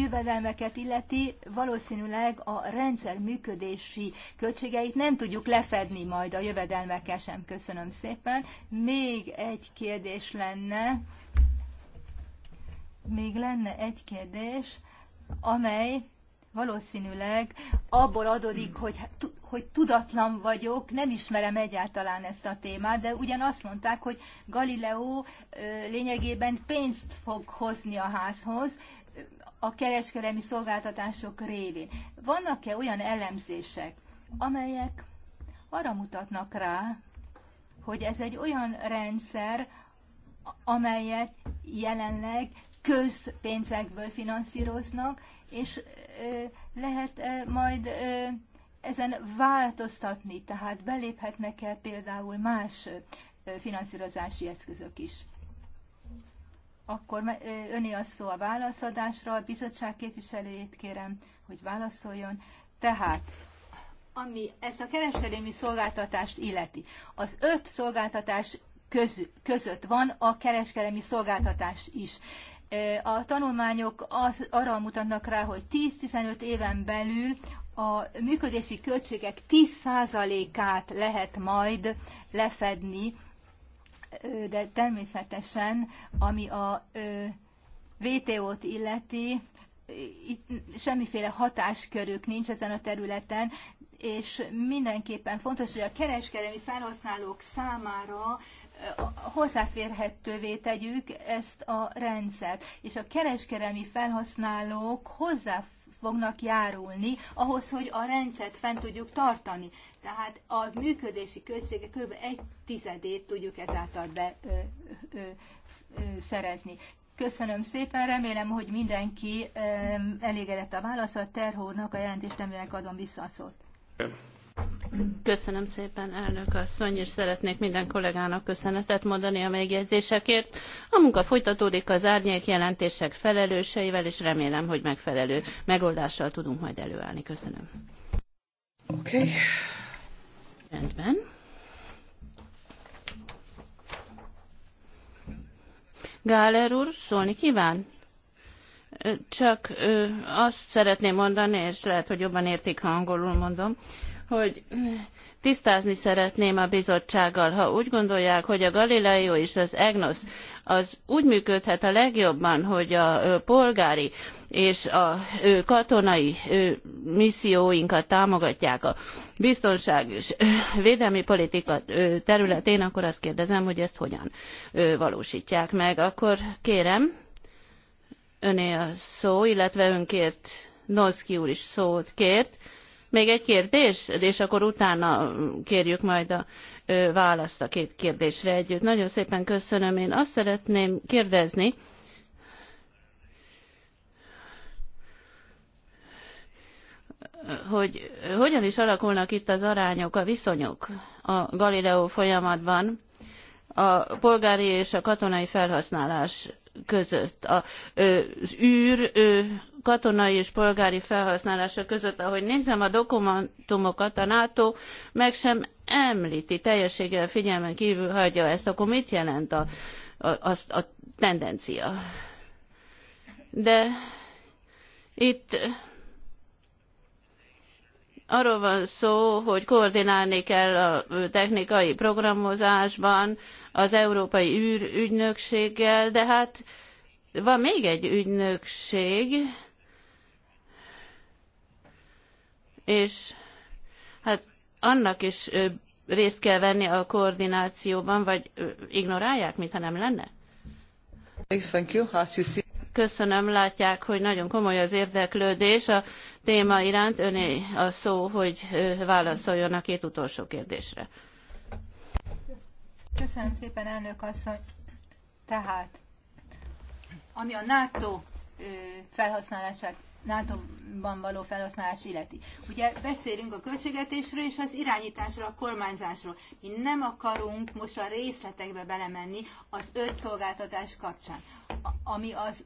jövedelmeket illeti, valószínűleg a rendszer működési költségeit nem tudjuk lefedni majd a jövedelmekkel sem. Köszönöm szépen. Még egy kérdés lenne. Még lenne egy kérdés, amely valószínűleg abból adódik, hogy, hát hogy tudatlan vagyok, nem ismerem egyáltalán ezt a témát, de ugyan azt mondták, hogy Galileo lényegében pénzt fog hozni a házhoz, a kereskedelmi szolgáltatások révén. Vannak-e olyan elemzések, amelyek arra mutatnak rá, hogy ez egy olyan rendszer, amelyet jelenleg közpénzekből finanszíroznak, és lehet majd ezen változtatni, tehát beléphetnek-e például más finanszírozási eszközök is. Akkor öné a szó a válaszadásra, a bizottság képviselőjét kérem, hogy válaszoljon. Tehát, ami ezt a kereskedelmi szolgáltatást illeti, az öt szolgáltatás köz, között van a kereskedelmi szolgáltatás is. A tanulmányok az, arra mutatnak rá, hogy 10-15 éven belül a működési költségek 10%-át lehet majd lefedni de természetesen, ami a VTO-t illeti, itt semmiféle hatáskörük nincs ezen a területen, és mindenképpen fontos, hogy a kereskedelmi felhasználók számára hozzáférhetővé tegyük ezt a rendszert, és a kereskedelmi felhasználók hozzáférhetővé fognak járulni ahhoz, hogy a rendszert fent tudjuk tartani. Tehát a működési költsége kb. egy tizedét tudjuk ezáltal be ö, ö, ö, szerezni. Köszönöm szépen, remélem, hogy mindenki elégedett a válaszat. Terhórnak a nem adom vissza a szót. Köszönöm szépen, elnök asszony, és szeretnék minden kollégának köszönetet mondani a megjegyzésekért. A munka folytatódik az árnyék jelentések felelőseivel, és remélem, hogy megfelelő megoldással tudunk majd előállni. Köszönöm. Oké. Okay. Rendben. Gáler úr, szólni kíván? Csak ö, azt szeretném mondani, és lehet, hogy jobban értik, ha angolul mondom, hogy tisztázni szeretném a bizottsággal, ha úgy gondolják, hogy a Galileo és az EGNOS az úgy működhet a legjobban, hogy a polgári és a katonai misszióinkat támogatják a biztonság és védelmi politika területén, akkor azt kérdezem, hogy ezt hogyan valósítják meg. Akkor kérem, öné a szó, illetve önkért Nolszki úr is szót kért még egy kérdés, és akkor utána kérjük majd a választ a két kérdésre együtt. Nagyon szépen köszönöm. Én azt szeretném kérdezni, hogy hogyan is alakulnak itt az arányok, a viszonyok a Galileo folyamatban a polgári és a katonai felhasználás között. A, az űr katonai és polgári felhasználása között. Ahogy nézem a dokumentumokat, a NATO meg sem említi, teljességgel figyelmen kívül hagyja ezt, akkor mit jelent a, a, a, a tendencia? De itt arról van szó, hogy koordinálni kell a technikai programozásban az Európai űrügynökséggel, de hát van még egy ügynökség, és hát annak is részt kell venni a koordinációban, vagy ignorálják, mintha nem lenne? Köszönöm, látják, hogy nagyon komoly az érdeklődés a téma iránt. Öné a szó, hogy válaszoljon a két utolsó kérdésre. Köszönöm szépen, elnök asszony. Tehát, ami a NATO felhasználását NATO-ban való felhasználás illeti. Ugye beszélünk a költségetésről és az irányításról, a kormányzásról. Mi nem akarunk most a részletekbe belemenni az öt szolgáltatás kapcsán, ami az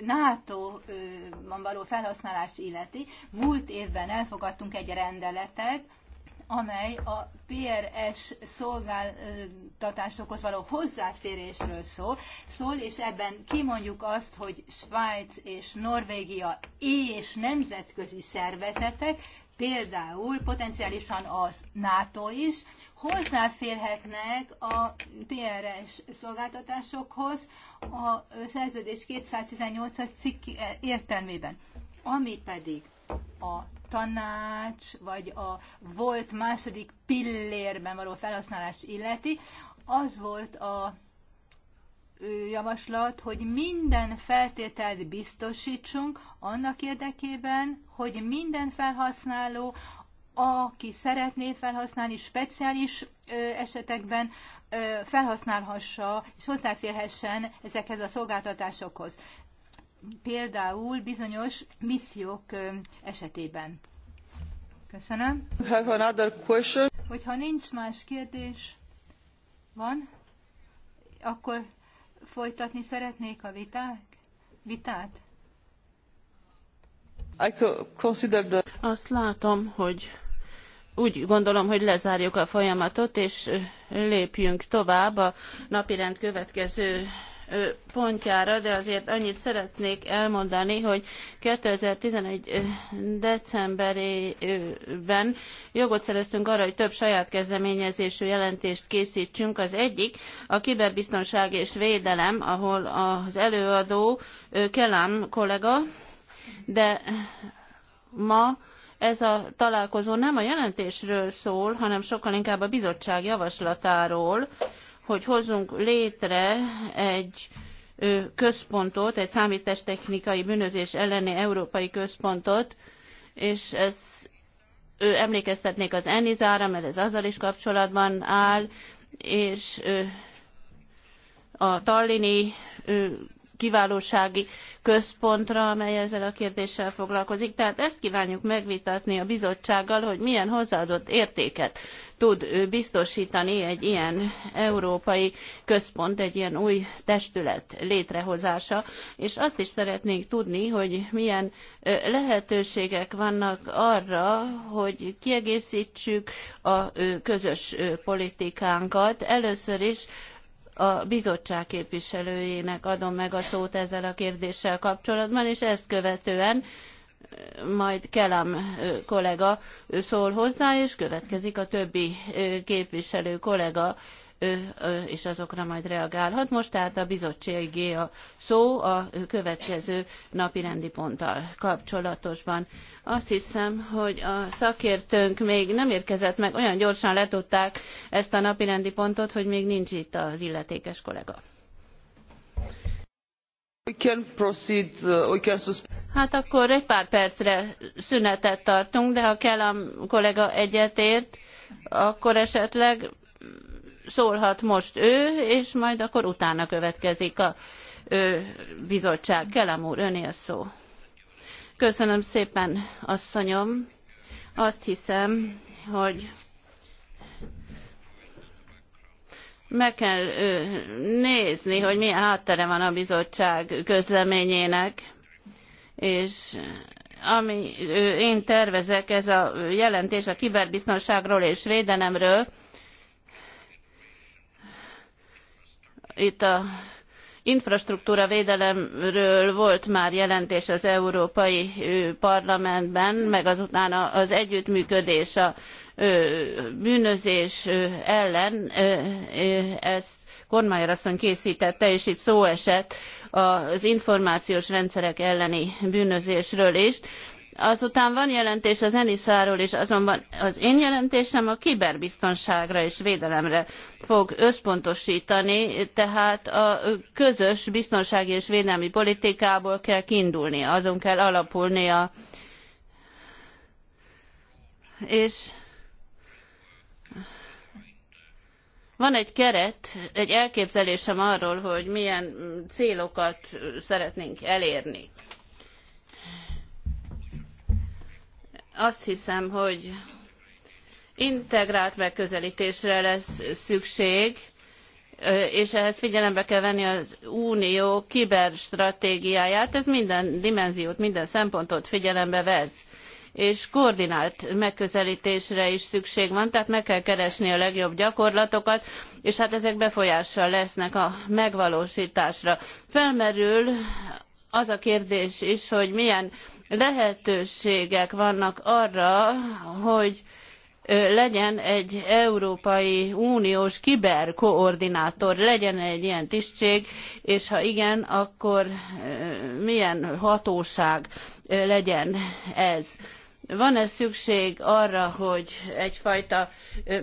NATO-ban való felhasználás illeti. Múlt évben elfogadtunk egy rendeletet, amely a PRS szolgáltatásokhoz való hozzáférésről szól, szól, és ebben kimondjuk azt, hogy Svájc és Norvégia és nemzetközi szervezetek, például potenciálisan az NATO is, hozzáférhetnek a PRS szolgáltatásokhoz a szerződés 218-as cikk értelmében. Ami pedig a tanács, vagy a volt második pillérben való felhasználást illeti, az volt a javaslat, hogy minden feltételt biztosítsunk annak érdekében, hogy minden felhasználó, aki szeretné felhasználni speciális esetekben, felhasználhassa és hozzáférhessen ezekhez a szolgáltatásokhoz például bizonyos missziók esetében. Köszönöm. Have another question. Hogyha nincs más kérdés, van, akkor folytatni szeretnék a viták, vitát. I consider the... Azt látom, hogy úgy gondolom, hogy lezárjuk a folyamatot, és lépjünk tovább a napirend következő pontjára, de azért annyit szeretnék elmondani, hogy 2011 decemberében jogot szereztünk arra, hogy több saját kezdeményezésű jelentést készítsünk. Az egyik a kiberbiztonság és védelem, ahol az előadó Kelám kollega, de ma ez a találkozó nem a jelentésről szól, hanem sokkal inkább a bizottság javaslatáról, hogy hozzunk létre egy központot, egy számítástechnikai bűnözés elleni európai központot, és ez ő emlékeztetnék az Enizára, mert ez azzal is kapcsolatban áll, és a Tallini kiválósági központra, amely ezzel a kérdéssel foglalkozik. Tehát ezt kívánjuk megvitatni a bizottsággal, hogy milyen hozzáadott értéket tud biztosítani egy ilyen európai központ, egy ilyen új testület létrehozása, és azt is szeretnénk tudni, hogy milyen lehetőségek vannak arra, hogy kiegészítsük a közös politikánkat. Először is a bizottság képviselőjének adom meg a szót ezzel a kérdéssel kapcsolatban, és ezt követően majd Kelam kollega szól hozzá, és következik a többi képviselő kollega és azokra majd reagálhat. Most tehát a bizottságé a szó a következő napi rendi ponttal kapcsolatosban. Azt hiszem, hogy a szakértőnk még nem érkezett meg, olyan gyorsan letudták ezt a napi rendi pontot, hogy még nincs itt az illetékes kollega. Proceed, uh, hát akkor egy pár percre szünetet tartunk, de ha kell a kollega egyetért, akkor esetleg szólhat most ő, és majd akkor utána következik a ö, bizottság. Kelem úr, öné a szó. Köszönöm szépen, asszonyom. Azt hiszem, hogy meg kell ö, nézni, hogy milyen háttere van a bizottság közleményének, és ami ö, én tervezek, ez a jelentés a kiberbiztonságról és védelemről, Itt a infrastruktúra védelemről volt már jelentés az Európai Parlamentben, meg azután az együttműködés a bűnözés ellen, ezt Kormányra asszony készítette, és itt szó esett az információs rendszerek elleni bűnözésről is Azután van jelentés az Eniszáról is, azonban az én jelentésem a kiberbiztonságra és védelemre fog összpontosítani, tehát a közös biztonsági és védelmi politikából kell kiindulni, azon kell alapulnia. És Van egy keret, egy elképzelésem arról, hogy milyen célokat szeretnénk elérni azt hiszem, hogy integrált megközelítésre lesz szükség, és ehhez figyelembe kell venni az unió kiberstratégiáját. Ez minden dimenziót, minden szempontot figyelembe vesz és koordinált megközelítésre is szükség van, tehát meg kell keresni a legjobb gyakorlatokat, és hát ezek befolyással lesznek a megvalósításra. Felmerül az a kérdés is, hogy milyen lehetőségek vannak arra, hogy legyen egy Európai Uniós kiberkoordinátor, legyen egy ilyen tisztség, és ha igen, akkor milyen hatóság legyen ez. Van-e szükség arra, hogy egyfajta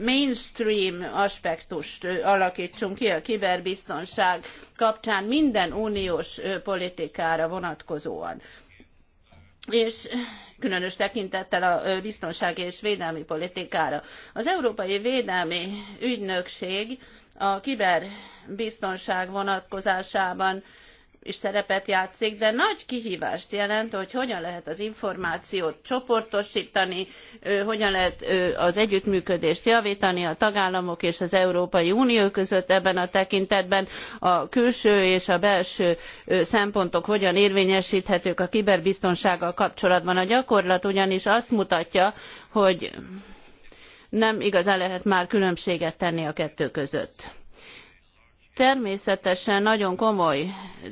mainstream aspektust alakítsunk ki a kiberbiztonság kapcsán minden uniós politikára vonatkozóan? és különös tekintettel a biztonsági és védelmi politikára. Az Európai Védelmi Ügynökség a kiberbiztonság vonatkozásában is szerepet játszik, de nagy kihívást jelent, hogy hogyan lehet az információt csoportosítani, hogyan lehet az együttműködést javítani a tagállamok és az Európai Unió között ebben a tekintetben, a külső és a belső szempontok hogyan érvényesíthetők a kiberbiztonsággal kapcsolatban. A gyakorlat ugyanis azt mutatja, hogy nem igazán lehet már különbséget tenni a kettő között Természetesen nagyon komoly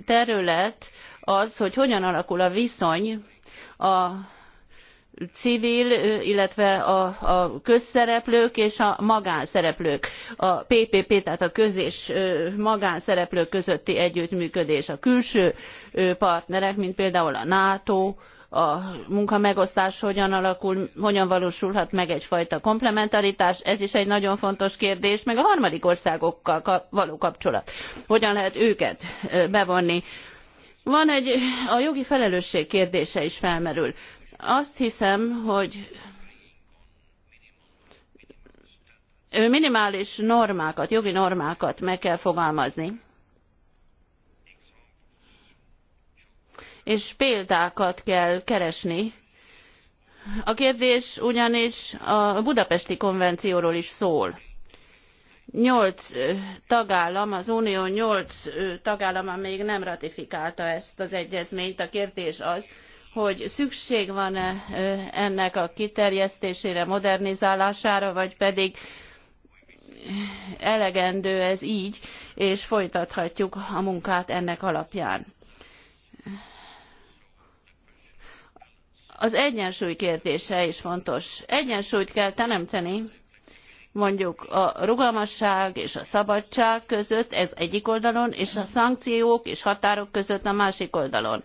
terület az, hogy hogyan alakul a viszony a civil, illetve a, a közszereplők és a magánszereplők, a PPP, tehát a köz- és magánszereplők közötti együttműködés, a külső partnerek, mint például a NATO, a munkamegosztás hogyan alakul, hogyan valósulhat meg egyfajta komplementaritás, ez is egy nagyon fontos kérdés, meg a harmadik országokkal való kapcsolat. Hogyan lehet őket bevonni? Van egy, a jogi felelősség kérdése is felmerül. Azt hiszem, hogy minimális normákat, jogi normákat meg kell fogalmazni és példákat kell keresni. A kérdés ugyanis a budapesti konvencióról is szól. Nyolc tagállam, az Unió nyolc tagállama még nem ratifikálta ezt az egyezményt. A kérdés az, hogy szükség van-e ennek a kiterjesztésére, modernizálására, vagy pedig elegendő ez így, és folytathatjuk a munkát ennek alapján. Az egyensúly kérdése is fontos. Egyensúlyt kell teremteni mondjuk a rugalmasság és a szabadság között, ez egyik oldalon, és a szankciók és határok között a másik oldalon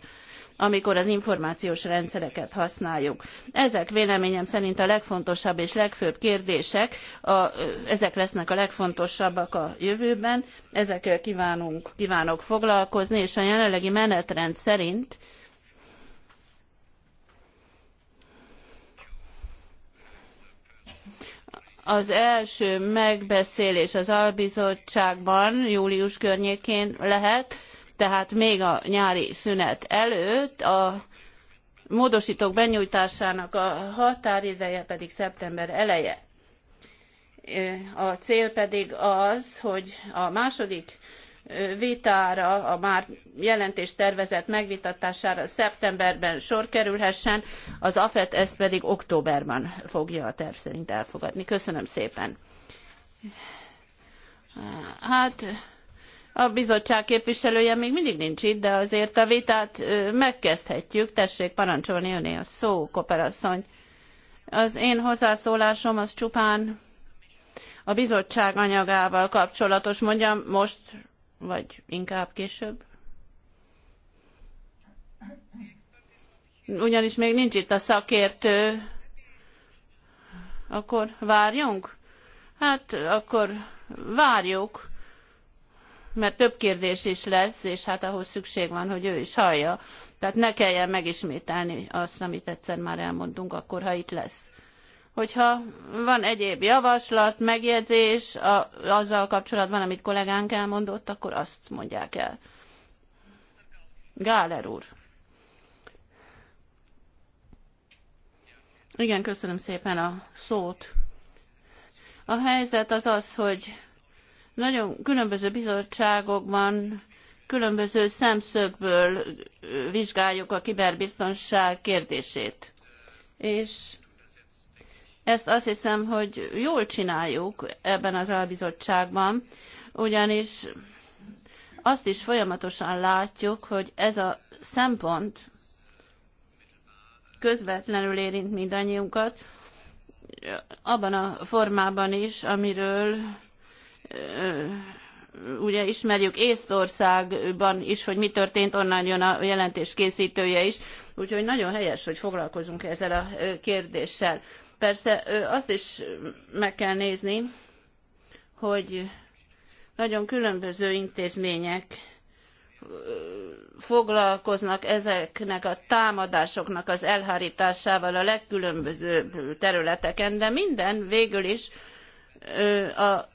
amikor az információs rendszereket használjuk. Ezek véleményem szerint a legfontosabb és legfőbb kérdések, a, ezek lesznek a legfontosabbak a jövőben, ezekkel kívánunk, kívánok foglalkozni, és a jelenlegi menetrend szerint Az első megbeszélés az albizottságban július környékén lehet, tehát még a nyári szünet előtt a módosítók benyújtásának a határideje pedig szeptember eleje. A cél pedig az, hogy a második vitára, a már jelentés tervezett megvitatására szeptemberben sor kerülhessen, az AFET ezt pedig októberben fogja a terv szerint elfogadni. Köszönöm szépen. Hát a bizottság képviselője még mindig nincs itt, de azért a vitát megkezdhetjük. Tessék parancsolni öné a szó, koperasszony. Az én hozzászólásom az csupán a bizottság anyagával kapcsolatos, mondjam most vagy inkább később? Ugyanis még nincs itt a szakértő. Akkor várjunk? Hát akkor várjuk, mert több kérdés is lesz, és hát ahhoz szükség van, hogy ő is hallja. Tehát ne kelljen megismételni azt, amit egyszer már elmondtunk, akkor ha itt lesz hogyha van egyéb javaslat, megjegyzés a, azzal kapcsolatban, amit kollégánk elmondott, akkor azt mondják el. Gáler úr. Igen, köszönöm szépen a szót. A helyzet az az, hogy nagyon különböző bizottságokban különböző szemszögből vizsgáljuk a kiberbiztonság kérdését. És ezt azt hiszem, hogy jól csináljuk ebben az albizottságban, ugyanis azt is folyamatosan látjuk, hogy ez a szempont közvetlenül érint mindannyiunkat, abban a formában is, amiről ugye ismerjük Észtországban is, hogy mi történt, onnan jön a jelentés készítője is, úgyhogy nagyon helyes, hogy foglalkozunk ezzel a kérdéssel. Persze azt is meg kell nézni, hogy nagyon különböző intézmények foglalkoznak ezeknek a támadásoknak az elhárításával a legkülönbözőbb területeken, de minden végül is a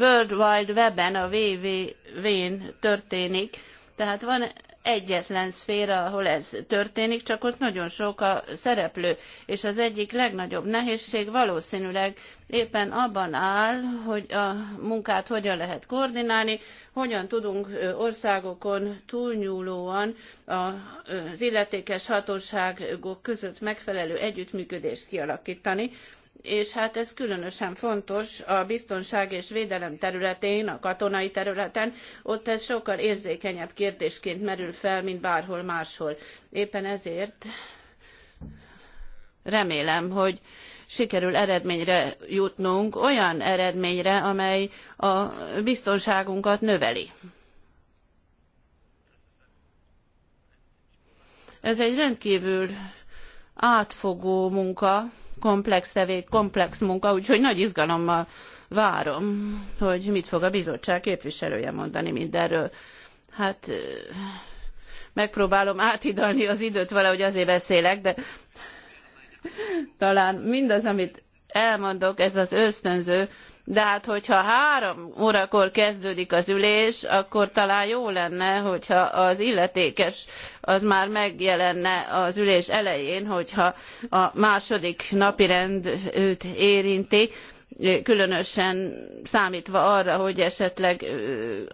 World Wide Web-en, a WWW-n történik. Tehát van egyetlen szféra, ahol ez történik, csak ott nagyon sok a szereplő, és az egyik legnagyobb nehézség valószínűleg éppen abban áll, hogy a munkát hogyan lehet koordinálni, hogyan tudunk országokon túlnyúlóan az illetékes hatóságok között megfelelő együttműködést kialakítani, és hát ez különösen fontos a biztonság és védelem területén, a katonai területen, ott ez sokkal érzékenyebb kérdésként merül fel, mint bárhol máshol. Éppen ezért remélem, hogy sikerül eredményre jutnunk, olyan eredményre, amely a biztonságunkat növeli. Ez egy rendkívül átfogó munka, komplex tevék, komplex munka, úgyhogy nagy izgalommal várom, hogy mit fog a bizottság képviselője mondani mindenről. Hát megpróbálom átidalni az időt, valahogy azért beszélek, de talán mindaz, amit elmondok, ez az ösztönző, de hát hogyha három órakor kezdődik az ülés, akkor talán jó lenne, hogyha az illetékes az már megjelenne az ülés elején, hogyha a második napirend őt érinti, különösen számítva arra, hogy esetleg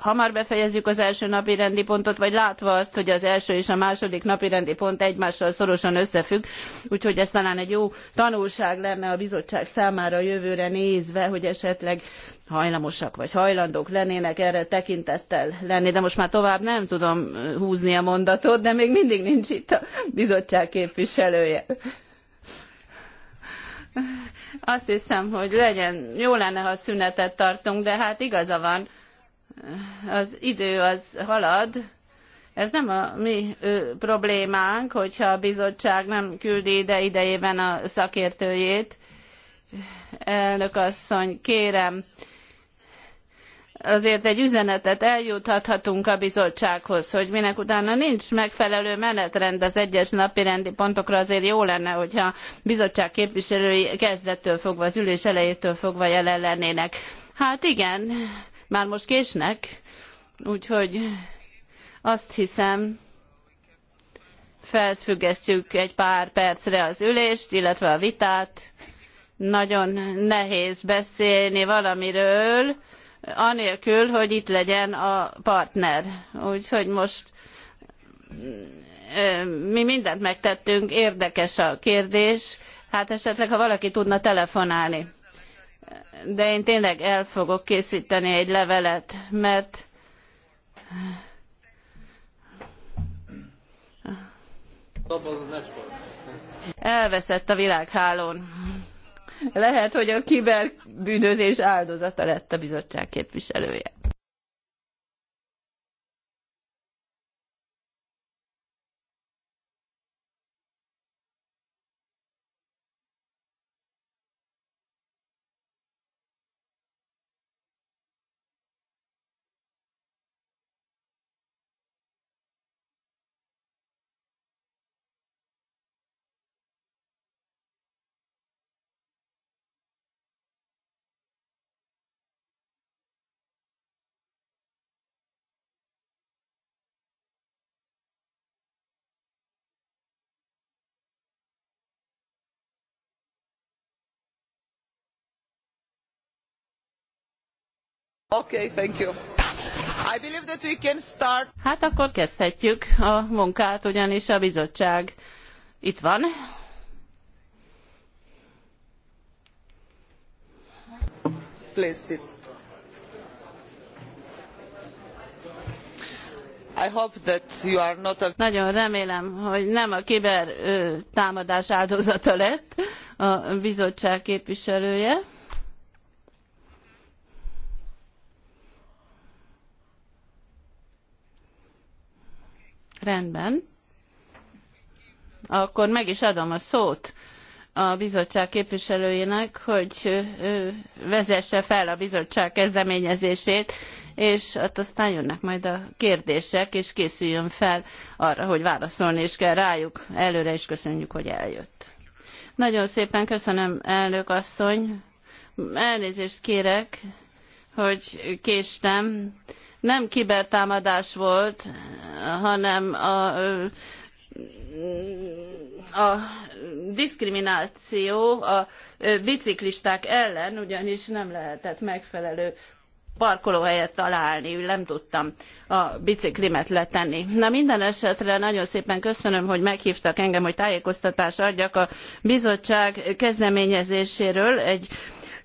hamar befejezzük az első napi rendi pontot, vagy látva azt, hogy az első és a második napi rendi pont egymással szorosan összefügg, úgyhogy ez talán egy jó tanulság lenne a bizottság számára a jövőre nézve, hogy esetleg hajlamosak vagy hajlandók lennének erre tekintettel lenni, de most már tovább nem tudom húzni a mondatot, de még mindig nincs itt a bizottság képviselője. Azt hiszem, hogy legyen, jó lenne, ha szünetet tartunk, de hát igaza van, az idő az halad. Ez nem a mi ö, problémánk, hogyha a bizottság nem küldi ide idejében a szakértőjét. Elnök asszony, kérem, azért egy üzenetet eljuttathatunk a bizottsághoz, hogy minek utána nincs megfelelő menetrend az egyes napirendi pontokra, azért jó lenne, hogyha a bizottság képviselői kezdettől fogva, az ülés elejétől fogva jelen lennének. Hát igen, már most késnek, úgyhogy azt hiszem, felfüggesztjük egy pár percre az ülést, illetve a vitát. Nagyon nehéz beszélni valamiről, anélkül, hogy itt legyen a partner. Úgyhogy most mi mindent megtettünk, érdekes a kérdés. Hát esetleg, ha valaki tudna telefonálni. De én tényleg el fogok készíteni egy levelet, mert elveszett a világhálón lehet, hogy a kiberbűnözés áldozata lett a bizottság képviselője. Okay, thank you. I believe that we can start. Hát akkor kezdhetjük a munkát, ugyanis a bizottság itt van. Please sit. I hope that you are not a... Nagyon remélem, hogy nem a kiber támadás áldozata lett a bizottság képviselője. rendben, akkor meg is adom a szót a bizottság képviselőjének, hogy vezesse fel a bizottság kezdeményezését, és ott hát aztán jönnek majd a kérdések, és készüljön fel arra, hogy válaszolni is kell rájuk. Előre is köszönjük, hogy eljött. Nagyon szépen köszönöm, elnök asszony. Elnézést kérek, hogy késtem nem kibertámadás volt, hanem a, a diszkrimináció a biciklisták ellen, ugyanis nem lehetett megfelelő parkolóhelyet találni, nem tudtam a biciklimet letenni. Na minden esetre nagyon szépen köszönöm, hogy meghívtak engem, hogy tájékoztatást adjak a bizottság kezdeményezéséről egy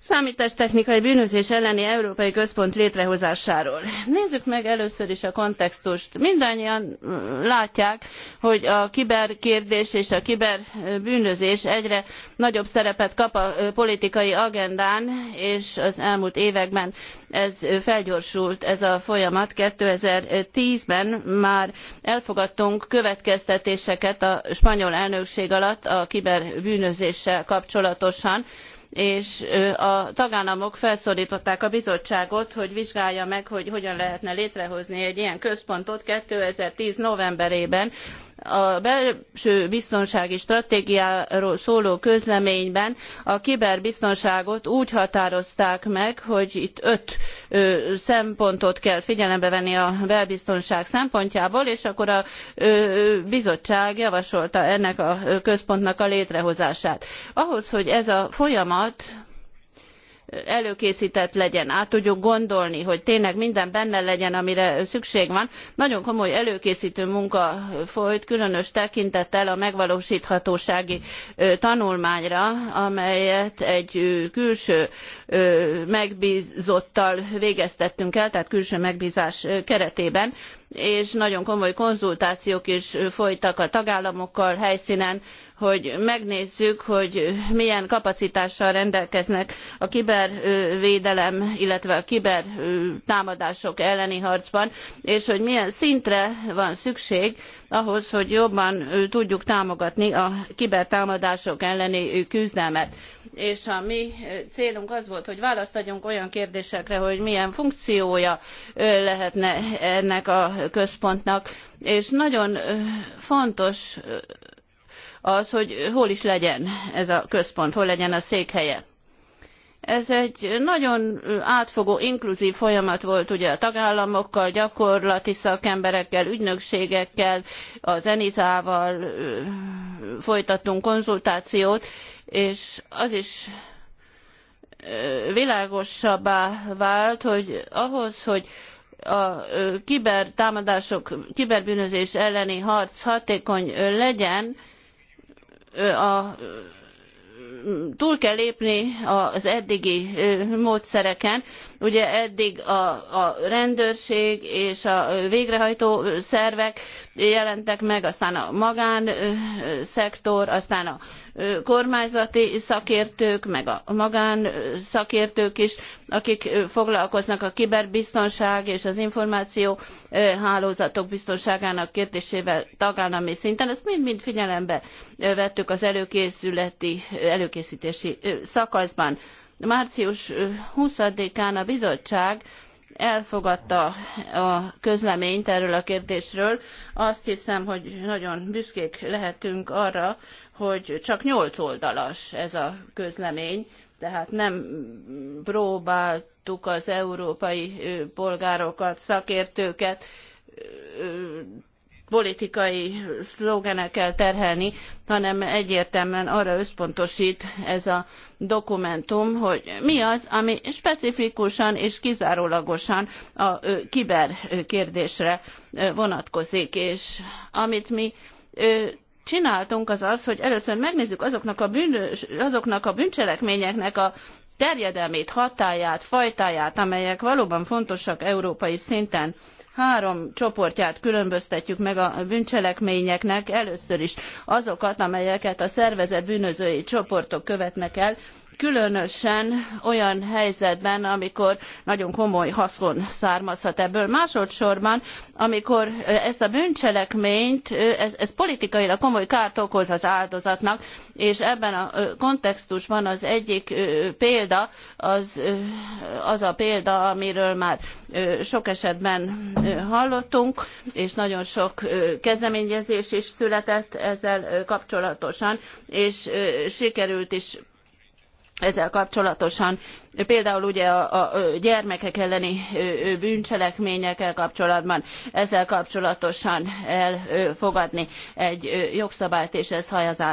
számítástechnikai bűnözés elleni Európai Központ létrehozásáról. Nézzük meg először is a kontextust. Mindannyian mm, látják, hogy a kiberkérdés és a kiberbűnözés egyre nagyobb szerepet kap a politikai agendán, és az elmúlt években ez felgyorsult ez a folyamat. 2010-ben már elfogadtunk következtetéseket a spanyol elnökség alatt a kiberbűnözéssel kapcsolatosan és a tagállamok felszólították a bizottságot, hogy vizsgálja meg, hogy hogyan lehetne létrehozni egy ilyen központot 2010 novemberében, a belső biztonsági stratégiáról szóló közleményben a kiberbiztonságot úgy határozták meg, hogy itt öt szempontot kell figyelembe venni a belbiztonság szempontjából, és akkor a bizottság javasolta ennek a központnak a létrehozását. Ahhoz, hogy ez a folyamat előkésztett legyen, át tudjuk gondolni, hogy tényleg minden benne legyen, amire szükség van. Nagyon komoly előkészítő munka folyt, különös tekintettel a megvalósíthatósági tanulmányra, amelyet egy külső megbízottal végeztettünk el, tehát külső megbízás keretében és nagyon komoly konzultációk is folytak a tagállamokkal helyszínen hogy megnézzük, hogy milyen kapacitással rendelkeznek a kibervédelem, illetve a kibertámadások elleni harcban, és hogy milyen szintre van szükség ahhoz, hogy jobban tudjuk támogatni a kibertámadások elleni küzdelmet és a mi célunk az volt, hogy választ adjunk olyan kérdésekre, hogy milyen funkciója lehetne ennek a központnak, és nagyon fontos az, hogy hol is legyen ez a központ, hol legyen a székhelye. Ez egy nagyon átfogó, inkluzív folyamat volt ugye a tagállamokkal, gyakorlati szakemberekkel, ügynökségekkel, az Enizával folytattunk konzultációt, és az is világosabbá vált, hogy ahhoz, hogy a kibertámadások, kiberbűnözés elleni harc hatékony legyen, a túl kell lépni az eddigi módszereken Ugye eddig a, a rendőrség és a végrehajtó szervek jelentek meg, aztán a magánszektor, aztán a kormányzati szakértők, meg a magánszakértők is, akik foglalkoznak a kiberbiztonság és az információ hálózatok biztonságának kérdésével tagállami szinten. Ezt mind-mind figyelembe vettük az előkészületi, előkészítési szakaszban március 20-án a bizottság elfogadta a közleményt erről a kérdésről. Azt hiszem, hogy nagyon büszkék lehetünk arra, hogy csak nyolc oldalas ez a közlemény, tehát nem próbáltuk az európai polgárokat, szakértőket politikai szlogenekkel terhelni, hanem egyértelműen arra összpontosít ez a dokumentum, hogy mi az, ami specifikusan és kizárólagosan a kiber kérdésre vonatkozik, és amit mi csináltunk az az, hogy először megnézzük azoknak a, bűnös, azoknak a bűncselekményeknek a terjedelmét, hatáját, fajtáját, amelyek valóban fontosak európai szinten három csoportját különböztetjük meg a bűncselekményeknek. Először is azokat, amelyeket a szervezett bűnözői csoportok követnek el, különösen olyan helyzetben, amikor nagyon komoly haszon származhat ebből. Másodszorban, amikor ezt a bűncselekményt, ez, ez politikailag komoly kárt okoz az áldozatnak, és ebben a kontextusban az egyik példa, az, az a példa, amiről már sok esetben hallottunk, és nagyon sok kezdeményezés is született ezzel kapcsolatosan, és sikerült is ezzel kapcsolatosan, például ugye a, a gyermekek elleni bűncselekményekkel kapcsolatban, ezzel kapcsolatosan elfogadni egy jogszabályt, és ez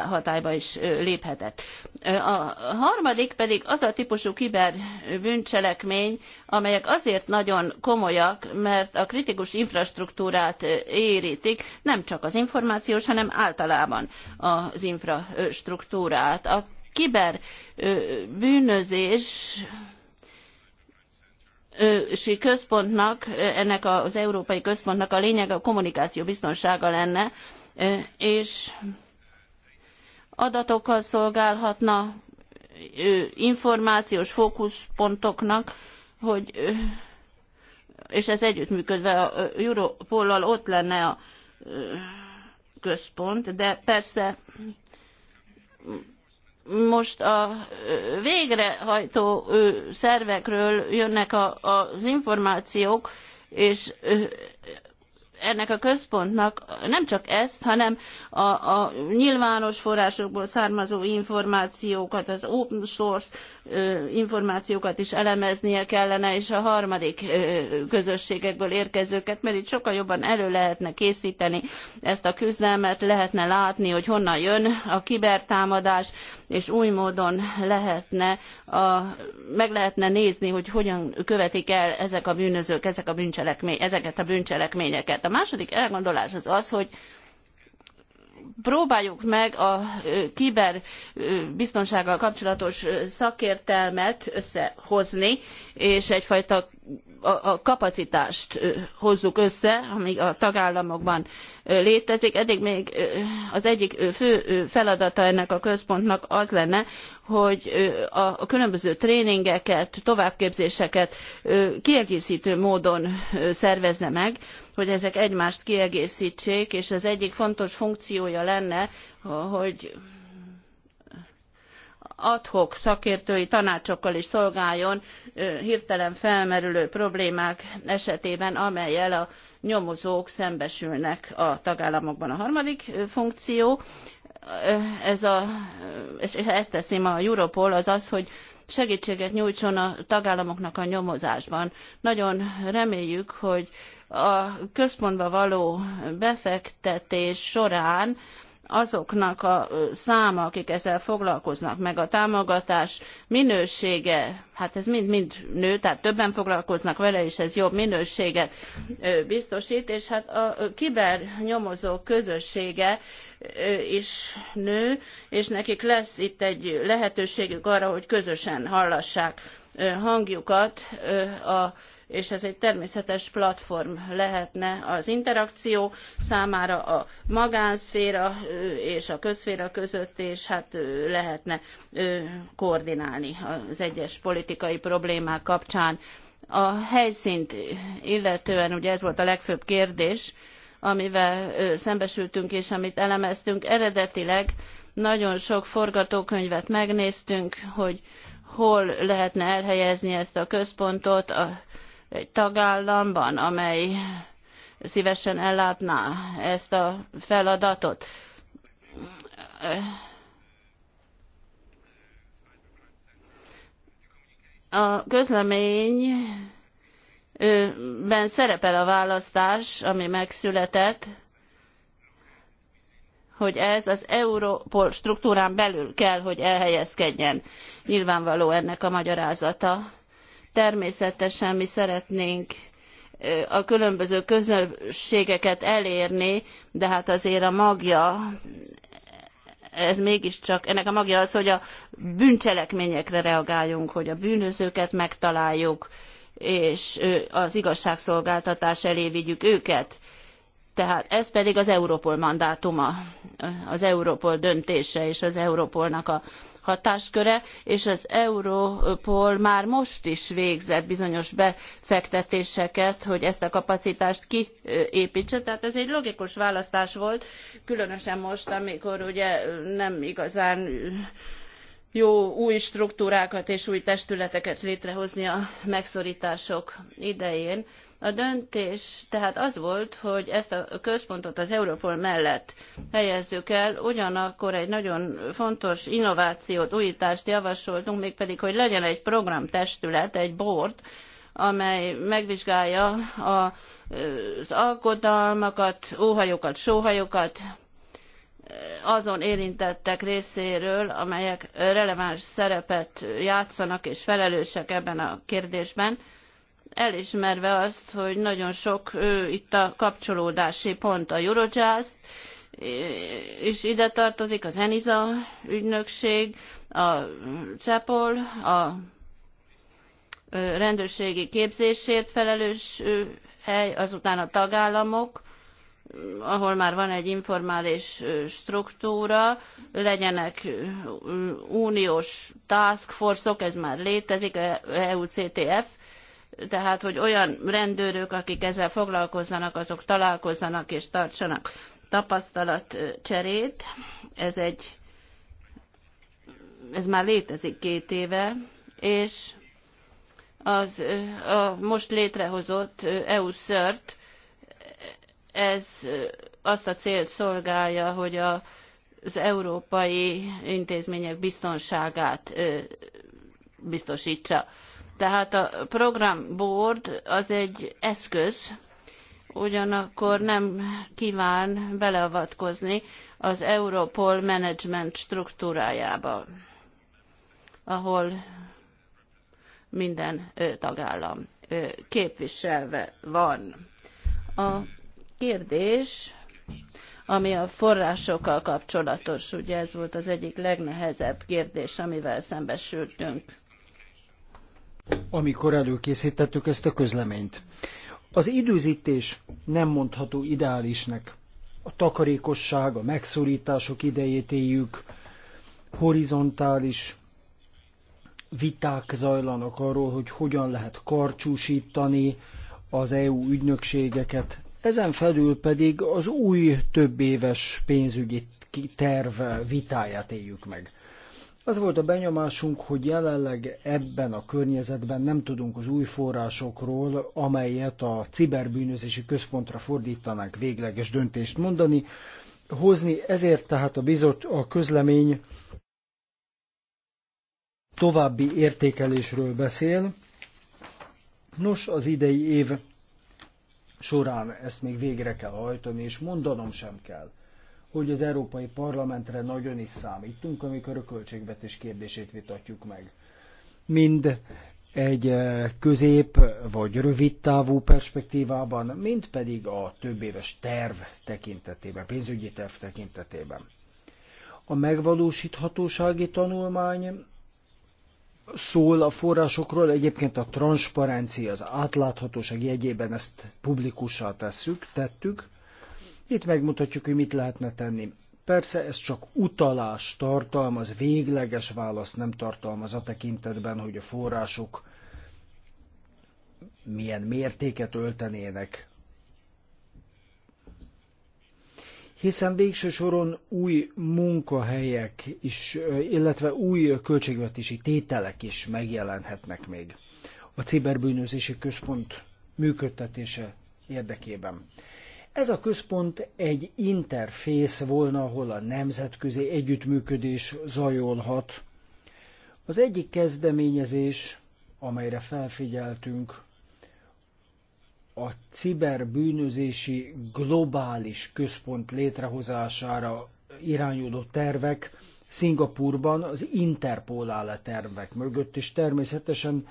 hatályba is léphetett. A harmadik pedig az a típusú kiber bűncselekmény, amelyek azért nagyon komolyak, mert a kritikus infrastruktúrát érintik, nem csak az információs, hanem általában az infrastruktúrát kiber bűnözés központnak, ennek az Európai Központnak a lényege a kommunikáció biztonsága lenne, és adatokkal szolgálhatna információs fókuszpontoknak, hogy és ez együttműködve a Europollal ott lenne a központ, de persze most a végrehajtó szervekről jönnek az információk, és ennek a központnak nem csak ezt, hanem a, a nyilvános forrásokból származó információkat, az open source információkat is elemeznie kellene, és a harmadik közösségekből érkezőket, mert itt sokkal jobban elő lehetne készíteni ezt a küzdelmet, lehetne látni, hogy honnan jön a kibertámadás, és új módon lehetne a, meg lehetne nézni, hogy hogyan követik el ezek a bűnözők, ezek a bűncselekmény, ezeket a bűncselekményeket második elgondolás az az, hogy próbáljuk meg a kiberbiztonsággal kapcsolatos szakértelmet összehozni, és egyfajta a kapacitást hozzuk össze, ami a tagállamokban létezik. Eddig még az egyik fő feladata ennek a központnak az lenne, hogy a különböző tréningeket, továbbképzéseket kiegészítő módon szervezze meg, hogy ezek egymást kiegészítsék, és az egyik fontos funkciója lenne, hogy adhok szakértői tanácsokkal is szolgáljon hirtelen felmerülő problémák esetében, amelyel a nyomozók szembesülnek a tagállamokban. A harmadik funkció, ez a, és ezt teszem a Europol, az az, hogy segítséget nyújtson a tagállamoknak a nyomozásban. Nagyon reméljük, hogy a központba való befektetés során azoknak a száma, akik ezzel foglalkoznak, meg a támogatás minősége, hát ez mind-mind nő, tehát többen foglalkoznak vele, és ez jobb minőséget biztosít, és hát a kibernyomozók közössége is nő, és nekik lesz itt egy lehetőségük arra, hogy közösen hallassák hangjukat a és ez egy természetes platform lehetne az interakció számára a magánszféra és a közszféra között, és hát lehetne koordinálni az egyes politikai problémák kapcsán. A helyszínt illetően, ugye ez volt a legfőbb kérdés, amivel szembesültünk és amit elemeztünk. Eredetileg nagyon sok forgatókönyvet megnéztünk, hogy hol lehetne elhelyezni ezt a központot, a egy tagállamban, amely szívesen ellátná ezt a feladatot. A közleményben szerepel a választás, ami megszületett, hogy ez az Európol struktúrán belül kell, hogy elhelyezkedjen. Nyilvánvaló ennek a magyarázata Természetesen mi szeretnénk a különböző közösségeket elérni, de hát azért a magja ez mégiscsak, ennek a magja az, hogy a bűncselekményekre reagáljunk, hogy a bűnözőket megtaláljuk, és az igazságszolgáltatás elé vigyük őket. Tehát ez pedig az Europol mandátuma, az Europol döntése és az Europolnak a hatásköre, és az Europol már most is végzett bizonyos befektetéseket, hogy ezt a kapacitást kiépítse. Tehát ez egy logikus választás volt, különösen most, amikor ugye nem igazán jó új struktúrákat és új testületeket létrehozni a megszorítások idején a döntés tehát az volt, hogy ezt a központot az Europol mellett helyezzük el, ugyanakkor egy nagyon fontos innovációt, újítást javasoltunk, mégpedig, hogy legyen egy programtestület, egy board, amely megvizsgálja a, az alkodalmakat, óhajokat, sóhajokat, azon érintettek részéről, amelyek releváns szerepet játszanak és felelősek ebben a kérdésben elismerve azt, hogy nagyon sok ő, itt a kapcsolódási pont a Eurojazz, és ide tartozik az ENISA ügynökség, a CEPOL, a rendőrségi képzésért felelős hely, azután a tagállamok, ahol már van egy informális struktúra, legyenek uniós task force-ok, ez már létezik, EUCTF, e tehát hogy olyan rendőrök, akik ezzel foglalkozzanak azok találkozzanak és tartsanak tapasztalatcserét. Ez egy, ez már létezik két éve, és az a most létrehozott EU-szört, ez azt a célt szolgálja, hogy a, az európai intézmények biztonságát biztosítsa tehát a program board az egy eszköz, ugyanakkor nem kíván beleavatkozni az Europol Management struktúrájába, ahol minden tagállam képviselve van. A kérdés, ami a forrásokkal kapcsolatos, ugye ez volt az egyik legnehezebb kérdés, amivel szembesültünk amikor előkészítettük ezt a közleményt. Az időzítés nem mondható ideálisnak. A takarékosság, a megszorítások idejét éljük, horizontális viták zajlanak arról, hogy hogyan lehet karcsúsítani az EU ügynökségeket. Ezen felül pedig az új több éves pénzügyi terv vitáját éljük meg. Az volt a benyomásunk, hogy jelenleg ebben a környezetben nem tudunk az új forrásokról, amelyet a ciberbűnözési központra fordítanánk végleges döntést mondani, hozni, ezért tehát a, bizott a közlemény további értékelésről beszél. Nos, az idei év során ezt még végre kell hajtani, és mondanom sem kell, hogy az Európai Parlamentre nagyon is számítunk, amikor a költségvetés kérdését vitatjuk meg. Mind egy eh, közép vagy rövid távú perspektívában, mint pedig a több éves terv tekintetében, pénzügyi terv tekintetében. A megvalósíthatósági tanulmány szól a forrásokról, egyébként a transzparencia, az átláthatóság jegyében ezt publikussá tesszük, tettük, itt megmutatjuk, hogy mit lehetne tenni. Persze ez csak utalás tartalmaz, végleges válasz nem tartalmaz a tekintetben, hogy a források milyen mértéket öltenének. Hiszen végső soron új munkahelyek is, illetve új költségvetési tételek is megjelenhetnek még a ciberbűnözési központ működtetése érdekében. Ez a központ egy interfész volna, ahol a nemzetközi együttműködés zajolhat. Az egyik kezdeményezés, amelyre felfigyeltünk, a ciberbűnözési globális központ létrehozására irányuló tervek Szingapurban az Interpol áll a tervek mögött, és természetesen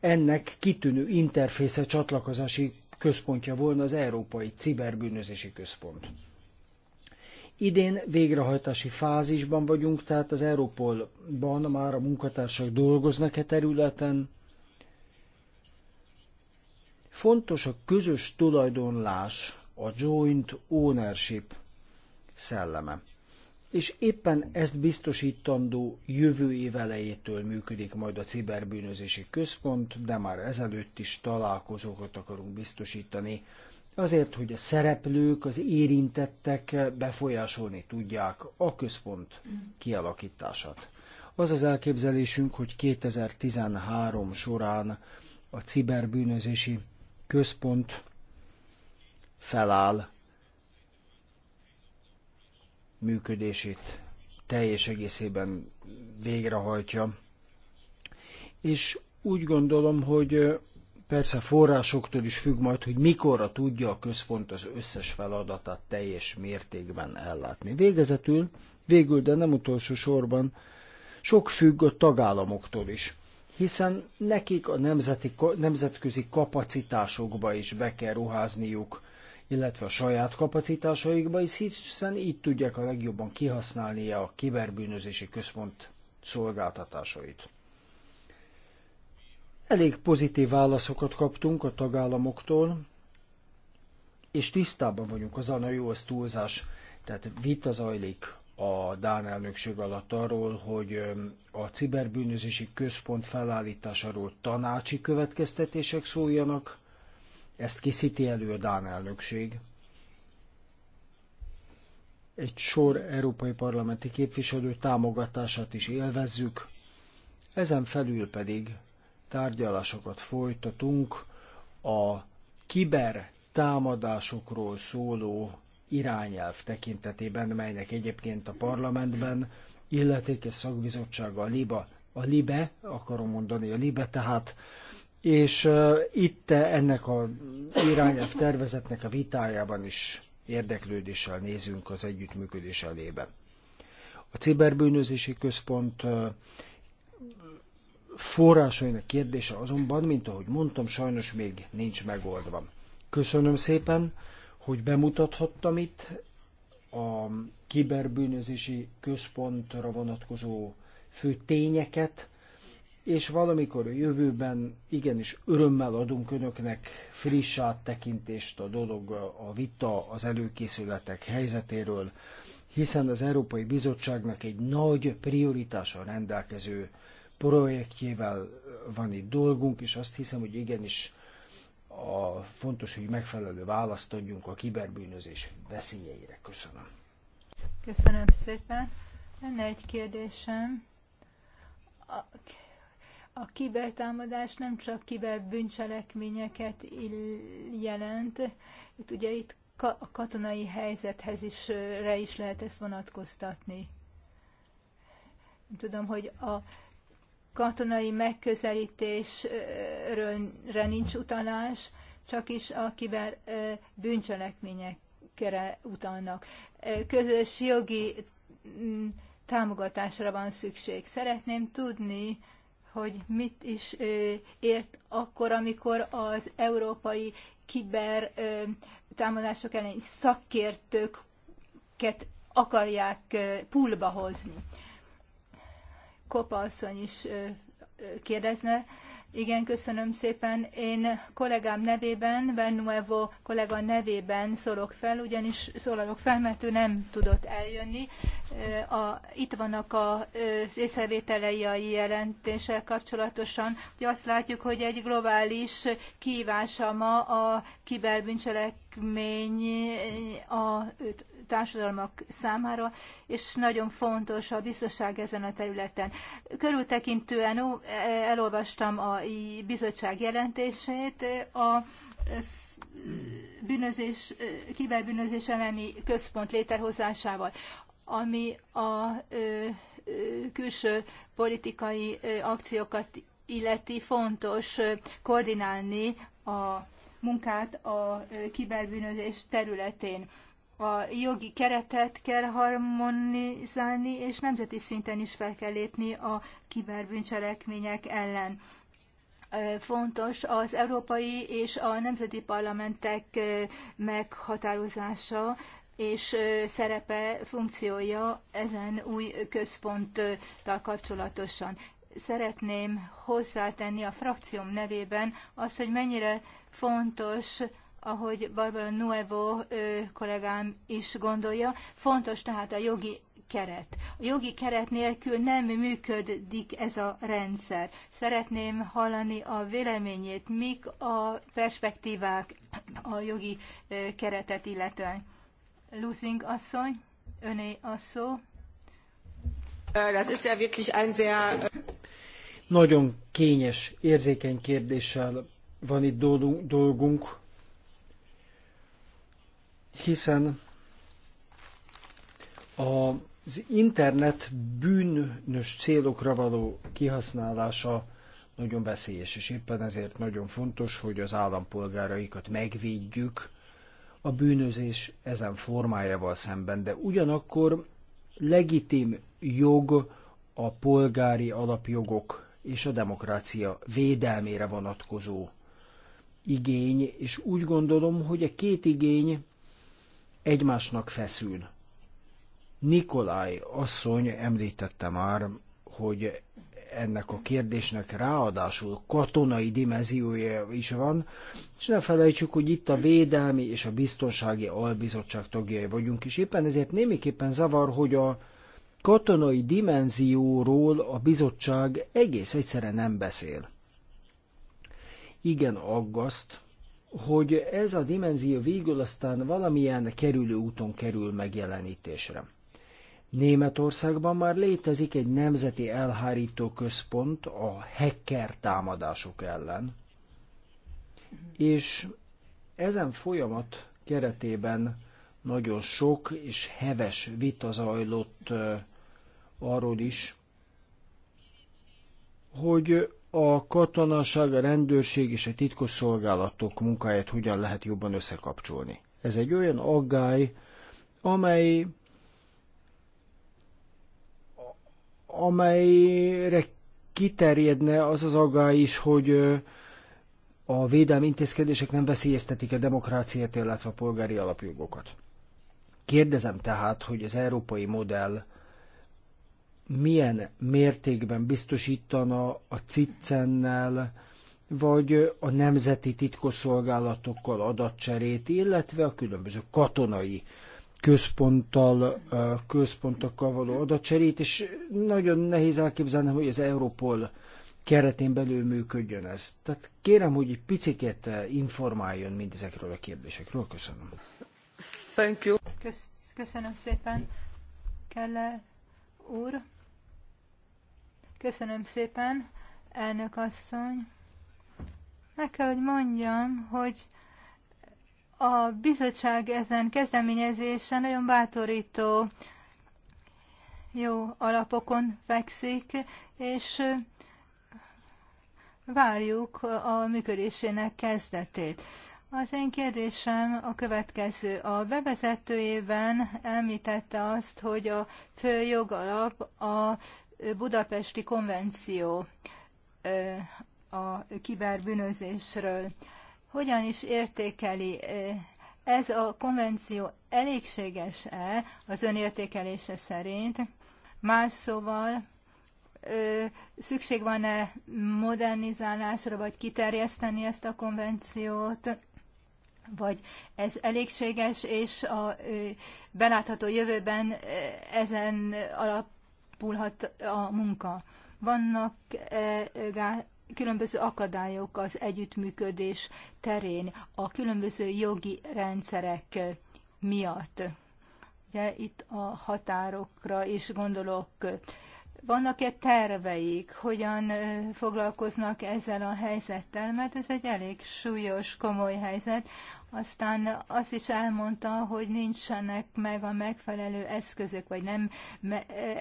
ennek kitűnő interfésze csatlakozási központja volna az Európai Ciberbűnözési Központ. Idén végrehajtási fázisban vagyunk, tehát az Európolban már a munkatársak dolgoznak e területen. Fontos a közös tulajdonlás, a joint ownership szelleme és éppen ezt biztosítandó jövő év elejétől működik majd a ciberbűnözési központ, de már ezelőtt is találkozókat akarunk biztosítani, azért, hogy a szereplők, az érintettek befolyásolni tudják a központ kialakítását. Az az elképzelésünk, hogy 2013 során a ciberbűnözési központ feláll, működését teljes egészében végrehajtja. És úgy gondolom, hogy persze forrásoktól is függ majd, hogy mikorra tudja a központ az összes feladatát teljes mértékben ellátni. Végezetül, végül, de nem utolsó sorban, sok függ a tagállamoktól is, hiszen nekik a nemzeti, nemzetközi kapacitásokba is be kell ruházniuk, illetve a saját kapacitásaikba is, hiszen így tudják a legjobban kihasználni a kiberbűnözési központ szolgáltatásait. Elég pozitív válaszokat kaptunk a tagállamoktól, és tisztában vagyunk az a jó, az túlzás, tehát vita zajlik a Dán elnökség alatt arról, hogy a ciberbűnözési központ felállításáról tanácsi következtetések szóljanak, ezt készíti elő a Dán elnökség. Egy sor európai parlamenti képviselő támogatását is élvezzük, ezen felül pedig tárgyalásokat folytatunk a kiber támadásokról szóló irányelv tekintetében, melynek egyébként a parlamentben illetékes szakbizottsága a LIBA, a LIBE, akarom mondani, a LIBE tehát és itt e ennek a irányelv tervezetnek a vitájában is érdeklődéssel nézünk az együttműködés elébe. A Ciberbűnözési Központ forrásainak kérdése azonban, mint ahogy mondtam, sajnos még nincs megoldva. Köszönöm szépen, hogy bemutathattam itt a kiberbűnözési központra vonatkozó fő tényeket, és valamikor a jövőben igenis örömmel adunk önöknek friss áttekintést a dolog, a vita az előkészületek helyzetéről, hiszen az Európai Bizottságnak egy nagy prioritása rendelkező projektjével van itt dolgunk, és azt hiszem, hogy igenis a fontos, hogy megfelelő választ adjunk a kiberbűnözés veszélyeire. Köszönöm. Köszönöm szépen. Lenne egy kérdésem. A a kibertámadás nem csak bűncselekményeket jelent, itt ugye itt a katonai helyzethez is, re is lehet ezt vonatkoztatni. Nem tudom, hogy a katonai megközelítésről nincs utalás, csak is a kiber bűncselekményekre utalnak. Közös jogi támogatásra van szükség. Szeretném tudni, hogy mit is ért akkor, amikor az európai kiber támadások elleni szakértőket akarják púlba hozni. Kopa asszony is kérdezne igen, köszönöm szépen. Én kollégám nevében, Vennuevo kollega nevében szólok fel, ugyanis szólalok fel, mert ő nem tudott eljönni. A, itt vannak az észrevételei a jelentéssel kapcsolatosan. Ugye azt látjuk, hogy egy globális kívása ma a kiberbűncselekmény a társadalmak számára, és nagyon fontos a biztonság ezen a területen. Körültekintően e, elolvastam a bizottság jelentését, a bűnözés, e, kiberbűnözés elleni központ létrehozásával, ami a e, külső politikai akciókat illeti fontos koordinálni a munkát a kiberbűnözés területén a jogi keretet kell harmonizálni, és nemzeti szinten is fel kell lépni a kiberbűncselekmények ellen. Fontos az európai és a nemzeti parlamentek meghatározása és szerepe, funkciója ezen új központtal kapcsolatosan. Szeretném hozzátenni a frakcióm nevében azt, hogy mennyire fontos ahogy Barbara Nuevo kollégám is gondolja. Fontos tehát a jogi keret. A jogi keret nélkül nem működik ez a rendszer. Szeretném hallani a véleményét, mik a perspektívák a jogi keretet illetően. Lusing asszony, öné a szó. Das ist ja wirklich ein sehr... Nagyon kényes, érzékeny kérdéssel van itt dolgunk, hiszen az internet bűnös célokra való kihasználása nagyon veszélyes, és éppen ezért nagyon fontos, hogy az állampolgáraikat megvédjük a bűnözés ezen formájával szemben, de ugyanakkor legitim jog a polgári alapjogok és a demokrácia védelmére vonatkozó igény, és úgy gondolom, hogy a két igény egymásnak feszül. Nikolaj asszony említette már, hogy ennek a kérdésnek ráadásul katonai dimenziója is van, és ne felejtsük, hogy itt a Védelmi és a Biztonsági Albizottság tagjai vagyunk, és éppen ezért némiképpen zavar, hogy a katonai dimenzióról a bizottság egész egyszerűen nem beszél. Igen aggaszt, hogy ez a dimenzió végül aztán valamilyen kerülő úton kerül megjelenítésre. Németországban már létezik egy nemzeti elhárító központ a hacker támadások ellen, és ezen folyamat keretében nagyon sok és heves vita zajlott arról is, hogy a katonaság, a rendőrség és a titkosszolgálatok munkáját hogyan lehet jobban összekapcsolni. Ez egy olyan aggály, amely amelyre kiterjedne az az aggály is, hogy a védelmi intézkedések nem veszélyeztetik a demokráciát, illetve a polgári alapjogokat. Kérdezem tehát, hogy az európai modell milyen mértékben biztosítana a Ciccennel, vagy a nemzeti titkosszolgálatokkal adatcserét, illetve a különböző katonai központtal, központokkal való adatcserét, és nagyon nehéz elképzelni, hogy az Europol keretén belül működjön ez. Tehát kérem, hogy egy picit informáljon mindezekről a kérdésekről. Köszönöm. Thank you. Köszönöm szépen, Keller úr. Köszönöm szépen, elnök asszony. Meg kell, hogy mondjam, hogy a bizottság ezen kezdeményezése nagyon bátorító, jó alapokon fekszik, és várjuk a működésének kezdetét. Az én kérdésem a következő. A bevezetőjében említette azt, hogy a fő jogalap a budapesti konvenció a kiberbűnözésről. Hogyan is értékeli ez a konvenció elégséges-e az ön értékelése szerint? Más szóval, szükség van-e modernizálásra, vagy kiterjeszteni ezt a konvenciót, vagy ez elégséges, és a belátható jövőben ezen alap alakulhat a munka? Vannak e, különböző akadályok az együttműködés terén, a különböző jogi rendszerek miatt. Ugye itt a határokra is gondolok. Vannak-e terveik, hogyan e, foglalkoznak ezzel a helyzettel, mert ez egy elég súlyos, komoly helyzet. Aztán azt is elmondta, hogy nincsenek meg a megfelelő eszközök, vagy nem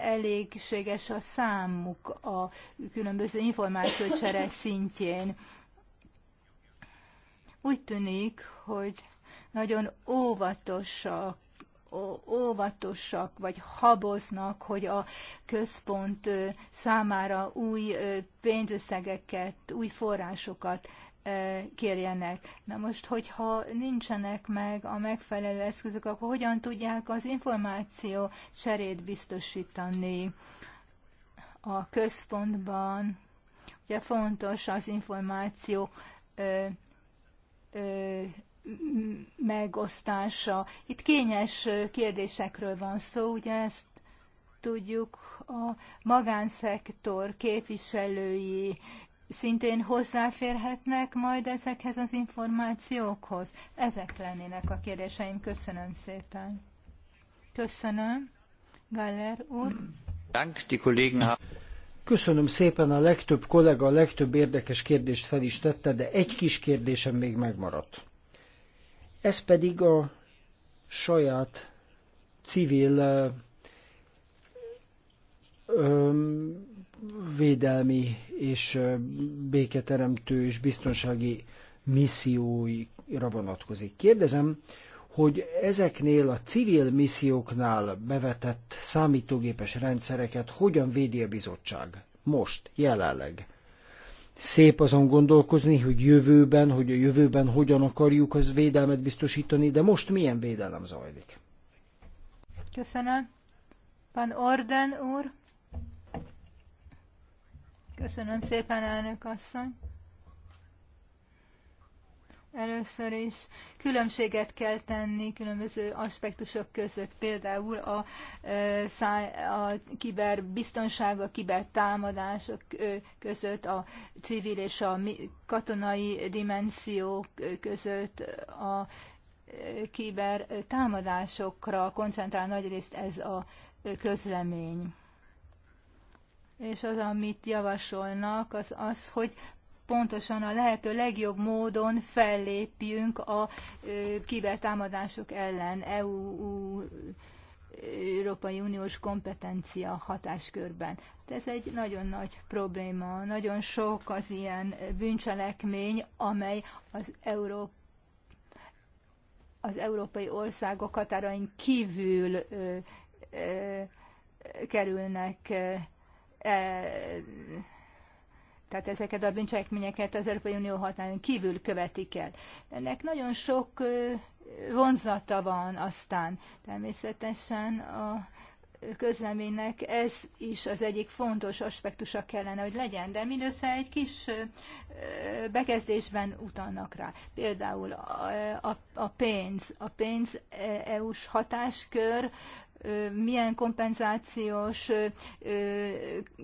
elégséges a számuk a különböző információcsere szintjén. Úgy tűnik, hogy nagyon óvatosak óvatosak vagy haboznak, hogy a központ számára új pénzösszegeket, új forrásokat kérjenek. Na most, hogyha nincsenek meg a megfelelő eszközök, akkor hogyan tudják az információ cserét biztosítani a központban? Ugye fontos az információ ö, ö, megosztása. Itt kényes kérdésekről van szó, ugye ezt tudjuk a magánszektor képviselői szintén hozzáférhetnek majd ezekhez az információkhoz? Ezek lennének a kérdéseim. Köszönöm szépen. Köszönöm. Galler úr. Köszönöm szépen, a legtöbb kollega a legtöbb érdekes kérdést fel is tette, de egy kis kérdésem még megmaradt. Ez pedig a saját civil védelmi és béketeremtő és biztonsági misszióira vonatkozik. Kérdezem, hogy ezeknél a civil misszióknál bevetett számítógépes rendszereket hogyan védi a bizottság? Most, jelenleg. Szép azon gondolkozni, hogy jövőben, hogy a jövőben hogyan akarjuk az védelmet biztosítani, de most milyen védelem zajlik? Köszönöm. Van Orden úr? Köszönöm szépen, elnök asszony. Először is különbséget kell tenni különböző aspektusok között, például a, a kiberbiztonság, a kibertámadások között, a civil és a katonai dimenziók között, a kibertámadásokra koncentrál nagyrészt ez a közlemény és az, amit javasolnak, az az, hogy pontosan a lehető legjobb módon fellépjünk a kibertámadások ellen EU Európai Uniós kompetencia hatáskörben. ez egy nagyon nagy probléma. Nagyon sok az ilyen bűncselekmény, amely az Európa az európai országok határain kívül ö, ö, kerülnek E, tehát ezeket a bűncselekményeket az Európai Unió határon kívül követik el. Ennek nagyon sok e, vonzata van aztán. Természetesen a közleménynek ez is az egyik fontos aspektusa kellene, hogy legyen, de mindössze egy kis e, bekezdésben utalnak rá. Például a, a, a pénz, a pénz EU-s hatáskör, milyen kompenzációs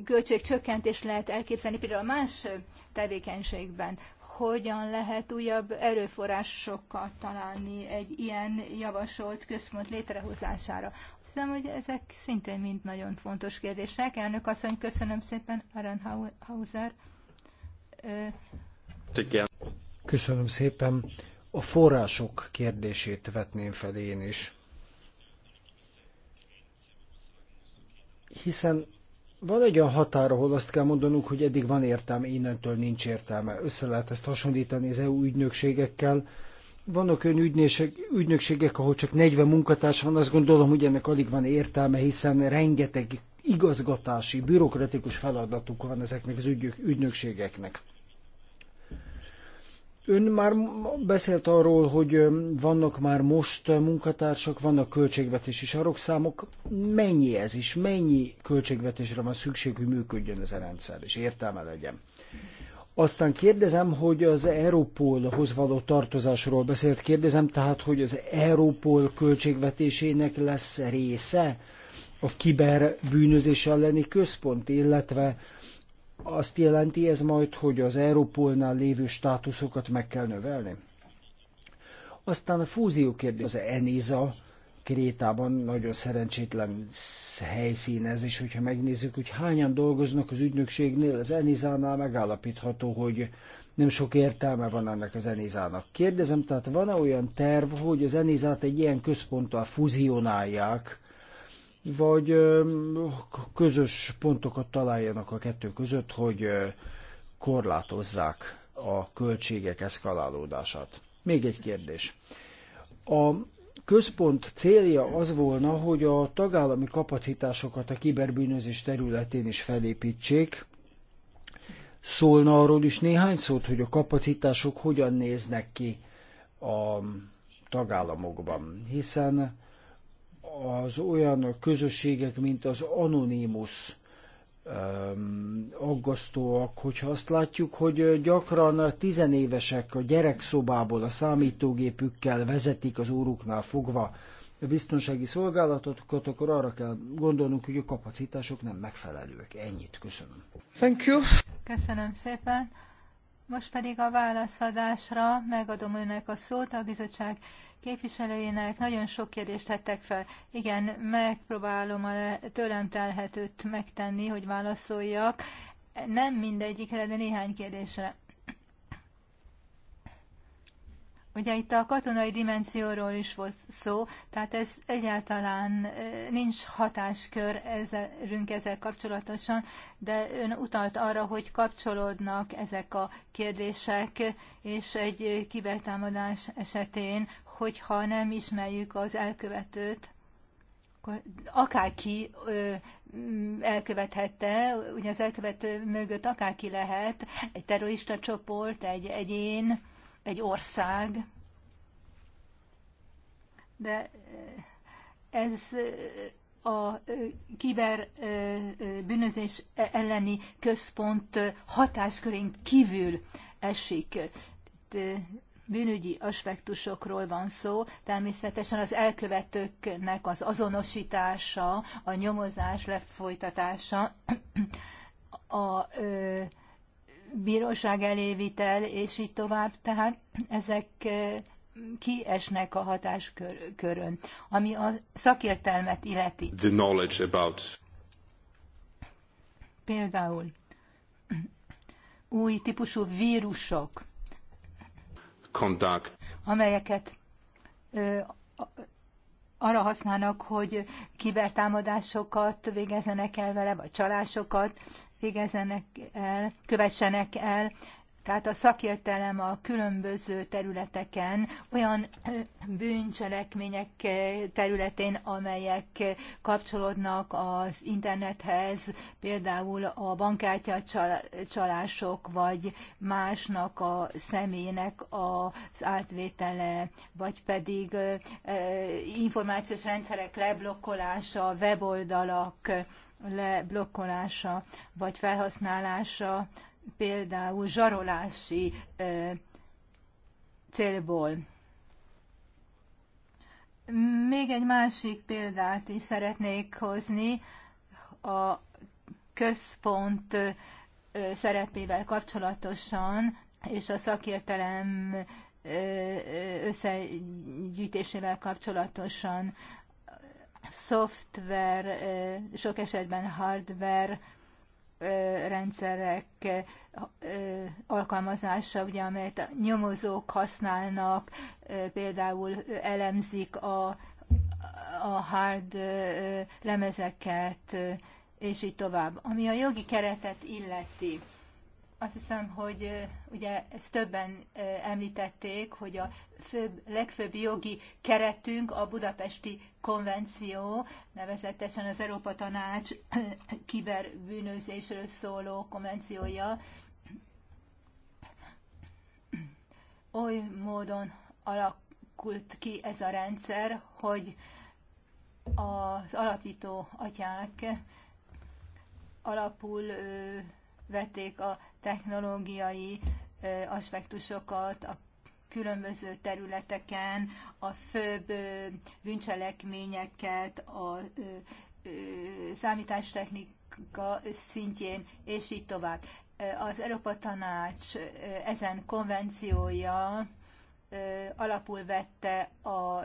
költségcsökkentést lehet elképzelni például más tevékenységben, hogyan lehet újabb erőforrásokat találni egy ilyen javasolt központ létrehozására. Azt hiszem, hogy ezek szintén mind nagyon fontos kérdések. Elnök asszony, köszönöm szépen, Hauser. Köszönöm szépen. A források kérdését vetném fel én is. hiszen van egy olyan határ, ahol azt kell mondanunk, hogy eddig van értelme, innentől nincs értelme. Össze lehet ezt hasonlítani az EU ügynökségekkel. Vannak olyan ügynökség, ügynökségek, ahol csak 40 munkatárs van, azt gondolom, hogy ennek alig van értelme, hiszen rengeteg igazgatási, bürokratikus feladatuk van ezeknek az ügy, ügynökségeknek. Ön már beszélt arról, hogy vannak már most munkatársak, vannak költségvetési sarokszámok. Mennyi ez is? Mennyi költségvetésre van szükség, hogy működjön ez a rendszer, és értelme legyen? Aztán kérdezem, hogy az Európolhoz való tartozásról beszélt, kérdezem tehát, hogy az Európol költségvetésének lesz része a kiberbűnözés elleni központ, illetve azt jelenti ez majd, hogy az Európolnál lévő státuszokat meg kell növelni? Aztán a fúzió kérdés, az ENISA, Krétában nagyon szerencsétlen helyszín ez, és hogyha megnézzük, hogy hányan dolgoznak az ügynökségnél, az Enizánál megállapítható, hogy nem sok értelme van ennek az Enizának. Kérdezem, tehát van-e olyan terv, hogy az Enizát egy ilyen központtal fúzionálják, vagy közös pontokat találjanak a kettő között, hogy korlátozzák a költségek eszkalálódását. Még egy kérdés. A központ célja az volna, hogy a tagállami kapacitásokat a kiberbűnözés területén is felépítsék. Szólna arról is néhány szót, hogy a kapacitások hogyan néznek ki a tagállamokban, hiszen az olyan közösségek, mint az Anonymous aggasztóak, hogyha azt látjuk, hogy gyakran tizenévesek a gyerekszobából a számítógépükkel vezetik az óruknál fogva a biztonsági szolgálatokat, akkor arra kell gondolnunk, hogy a kapacitások nem megfelelőek. Ennyit köszönöm. Thank you. Köszönöm szépen. Most pedig a válaszadásra megadom önnek a szót a bizottság képviselőjének. Nagyon sok kérdést tettek fel. Igen, megpróbálom a tőlem telhetőt megtenni, hogy válaszoljak. Nem mindegyikre, de néhány kérdésre. Ugye itt a katonai dimenzióról is volt szó, tehát ez egyáltalán eh, nincs hatáskör ezerünk ezzel kapcsolatosan, de ön utalt arra, hogy kapcsolódnak ezek a kérdések, és egy kibertámadás esetén hogyha nem ismerjük az elkövetőt, akkor akárki ö, mm, elkövethette, ugye az elkövető mögött akárki lehet, egy terrorista csoport, egy egyén, egy ország, de ez a kiber bűnözés elleni központ hatáskörén kívül esik bűnügyi aspektusokról van szó, természetesen az elkövetőknek az azonosítása, a nyomozás lefolytatása, a ö, bíróság elévitel, és így tovább, tehát ezek kiesnek a hatáskörön, ami a szakértelmet illeti. The knowledge about. Például új típusú vírusok, conduct. Amelyeket ö, arra használnak, hogy kibertámadásokat végezzenek el vele, vagy csalásokat végezzenek el, kövessenek el. Tehát a szakértelem a különböző területeken, olyan bűncselekmények területén, amelyek kapcsolódnak az internethez, például a bankkártya csalások, vagy másnak a személynek az átvétele, vagy pedig információs rendszerek leblokkolása, weboldalak leblokkolása, vagy felhasználása, például zsarolási célból. Még egy másik példát is szeretnék hozni a központ szerepével kapcsolatosan és a szakértelem összegyűjtésével kapcsolatosan szoftver, sok esetben hardware rendszerek alkalmazása, ugye, amelyet a nyomozók használnak, például elemzik a, a hard lemezeket, és így tovább. Ami a jogi keretet illeti, azt hiszem, hogy ugye ezt többen említették, hogy a főbb, legfőbb jogi keretünk a budapesti konvenció, nevezetesen az Európa Tanács *clears throat* kiberbűnözésről szóló konvenciója, oly módon alakult ki ez a rendszer, hogy az alapító atyák alapul vették a technológiai aspektusokat, a különböző területeken a főbb bűncselekményeket, a számítástechnika szintjén, és így tovább. Az Európa Tanács ezen konvenciója alapul vette a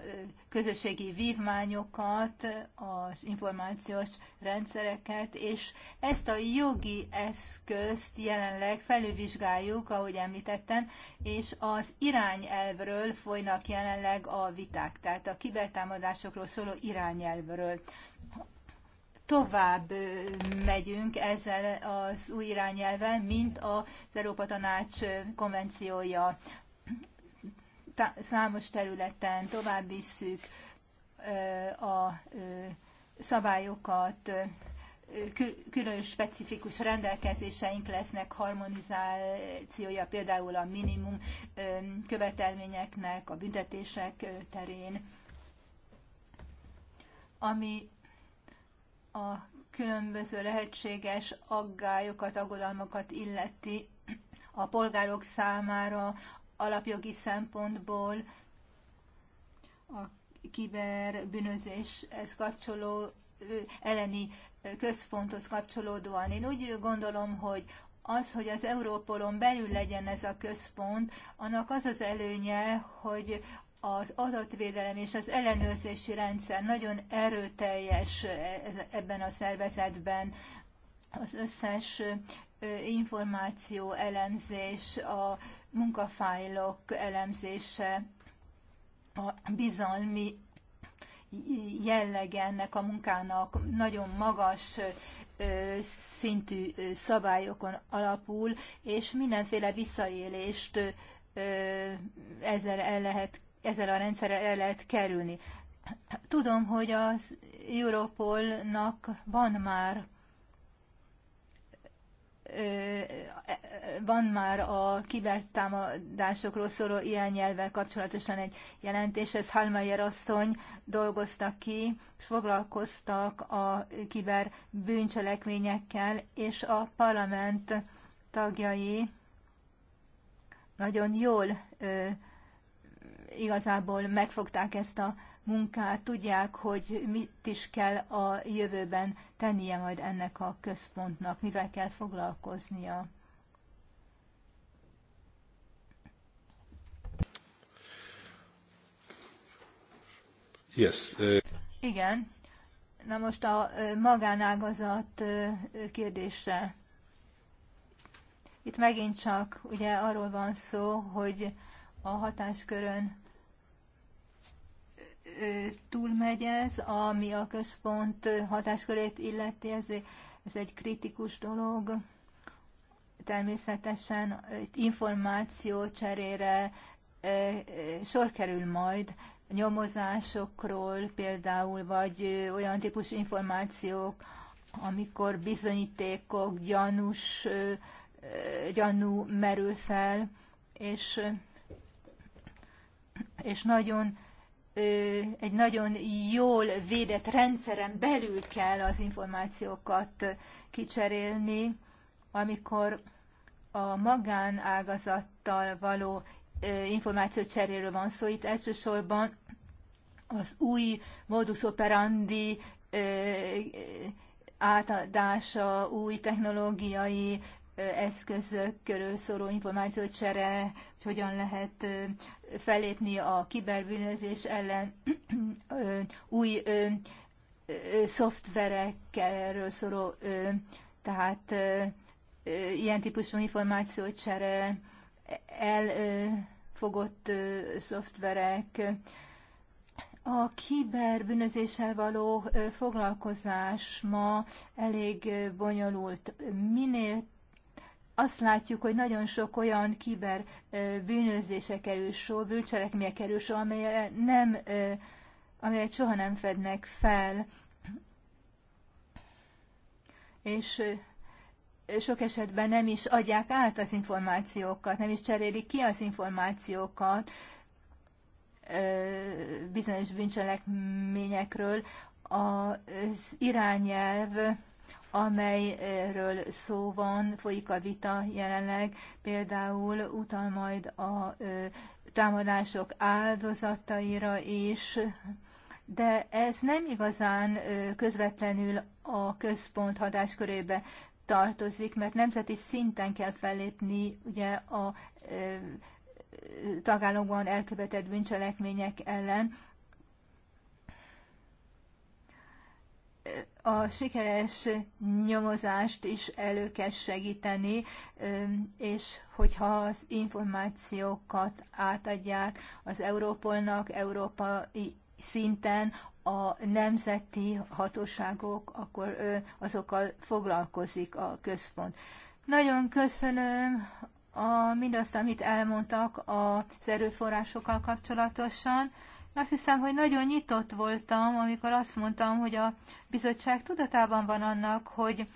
közösségi vívmányokat, az információs rendszereket, és ezt a jogi eszközt jelenleg felülvizsgáljuk, ahogy említettem, és az irányelvről folynak jelenleg a viták, tehát a kibertámadásokról szóló irányelvről. Tovább megyünk ezzel az új irányelvel, mint az Európa Tanács konvenciója számos területen tovább visszük a szabályokat, különös specifikus rendelkezéseink lesznek, harmonizációja például a minimum követelményeknek, a büntetések terén, ami a különböző lehetséges aggályokat, aggodalmakat illeti a polgárok számára alapjogi szempontból, a kiberbűnözéshez kapcsoló elleni központhoz kapcsolódóan. Én úgy gondolom, hogy az, hogy az Európolon belül legyen ez a központ, annak az az előnye, hogy az adatvédelem és az ellenőrzési rendszer nagyon erőteljes e, ebben a szervezetben. Az összes információ elemzés, a munkafájlok elemzése, a bizalmi jellege ennek a munkának nagyon magas szintű szabályokon alapul, és mindenféle visszaélést ezzel, el lehet, ezzel a rendszerrel el lehet kerülni. Tudom, hogy az Europolnak van már van már a kibertámadásokról szóló nyelvvel kapcsolatosan egy jelentés, ez Halmeyer asszony dolgozta ki, és foglalkoztak a kiber bűncselekményekkel, és a parlament tagjai nagyon jól igazából megfogták ezt a munkát, tudják, hogy mit is kell a jövőben tennie majd ennek a központnak, mivel kell foglalkoznia. Yes. Igen. Na most a magánágazat kérdése. Itt megint csak ugye arról van szó, hogy a hatáskörön túlmegy ez, ami a központ hatáskörét illeti, ez, ez egy kritikus dolog. Természetesen információ cserére sor kerül majd nyomozásokról például, vagy olyan típusú információk, amikor bizonyítékok, gyanús, gyanú merül fel, és, és nagyon egy nagyon jól védett rendszeren belül kell az információkat kicserélni, amikor a magánágazattal való információcseréről van szó. Itt elsősorban az új modus operandi átadása, új technológiai eszközökről szóló információcsere, hogy hogyan lehet felépni a kiberbűnözés ellen új szoftverekről szóló, tehát ilyen típusú információcsere, elfogott szoftverek, a kiberbűnözéssel való foglalkozás ma elég bonyolult. Minél azt látjuk, hogy nagyon sok olyan kiber bűnözése kerül sor, bűncselekménye kerül sor, nem, amelyet soha nem fednek fel. És sok esetben nem is adják át az információkat, nem is cserélik ki az információkat bizonyos bűncselekményekről. Az irányelv amelyről szó van, folyik a vita jelenleg, például utal majd a támadások áldozataira is, de ez nem igazán közvetlenül a központ hatáskörébe tartozik, mert nemzeti szinten kell fellépni ugye a tagállamban elkövetett bűncselekmények ellen, a sikeres nyomozást is elő kell segíteni, és hogyha az információkat átadják az Európolnak, európai szinten a nemzeti hatóságok, akkor azokkal foglalkozik a központ. Nagyon köszönöm a, mindazt, amit elmondtak az erőforrásokkal kapcsolatosan. Azt hiszem, hogy nagyon nyitott voltam, amikor azt mondtam, hogy a bizottság tudatában van annak, hogy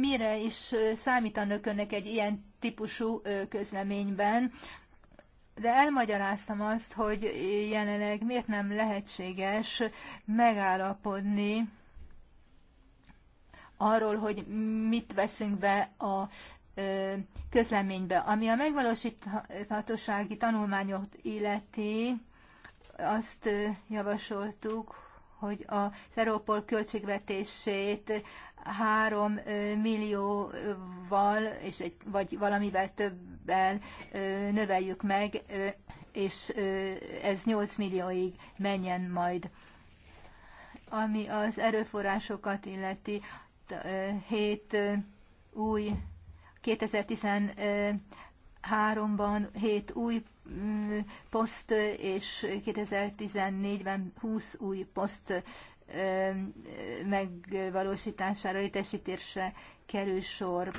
mire is számítanak önök egy ilyen típusú közleményben, de elmagyaráztam azt, hogy jelenleg miért nem lehetséges megállapodni arról, hogy mit veszünk be a közleménybe. Ami a megvalósíthatósági tanulmányot illeti, azt javasoltuk, hogy a Európol költségvetését 3 millióval, és egy, vagy valamivel többel növeljük meg, és ez 8 millióig menjen majd. Ami az erőforrásokat illeti, 7 új 2010 2013-ban 7 mm, új poszt, és 2014-ben 20 új poszt megvalósítására, létesítésre kerül sor.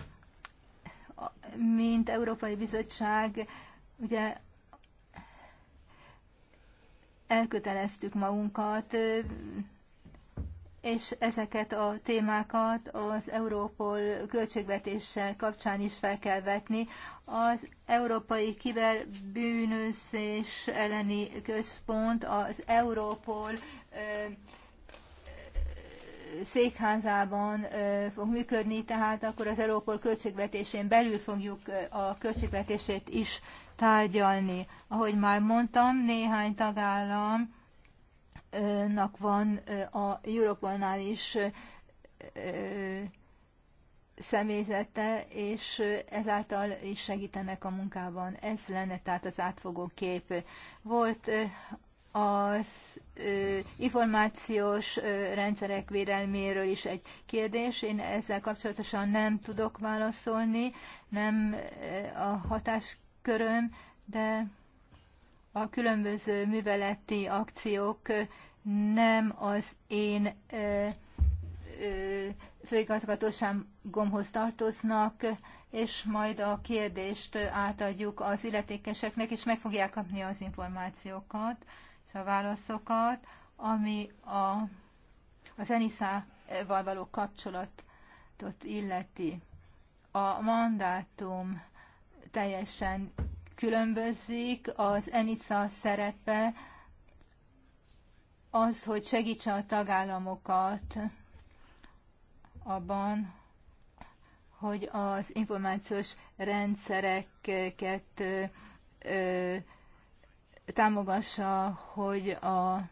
Mint Európai Bizottság, ugye elköteleztük magunkat, és ezeket a témákat az Európol költségvetéssel kapcsán is fel kell vetni. Az Európai Kiberbűnözés elleni központ az Európol székházában fog működni, tehát akkor az Európol költségvetésén belül fogjuk a költségvetését is tárgyalni. Ahogy már mondtam, néhány tagállam nak van a Europolnál is személyzete, és ezáltal is segítenek a munkában. Ez lenne tehát az átfogó kép. Volt az információs rendszerek védelméről is egy kérdés. Én ezzel kapcsolatosan nem tudok válaszolni, nem a hatásköröm, de a különböző műveleti akciók nem az én főigazgatóságomhoz tartoznak, és majd a kérdést átadjuk az illetékeseknek, és meg fogják kapni az információkat és a válaszokat, ami a, az Eniszával való kapcsolatot illeti. A mandátum teljesen különbözik az ENISA szerepe, az, hogy segítse a tagállamokat abban, hogy az információs rendszereket ö, támogassa, hogy a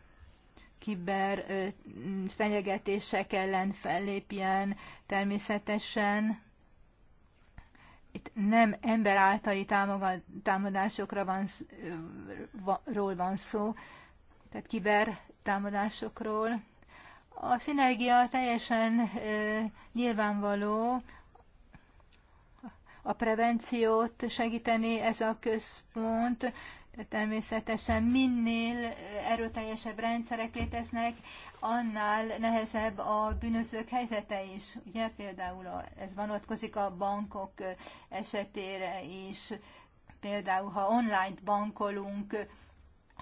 kiber fenyegetések ellen fellépjen természetesen itt nem ember általi támadásokra van, ról van szó, tehát kiber támadásokról. A szinergia teljesen e, nyilvánvaló, a prevenciót segíteni ez a központ, de természetesen minél erőteljesebb rendszerek léteznek, annál nehezebb a bűnözők helyzete is. Ugye például ez vonatkozik a bankok esetére is. Például, ha online bankolunk,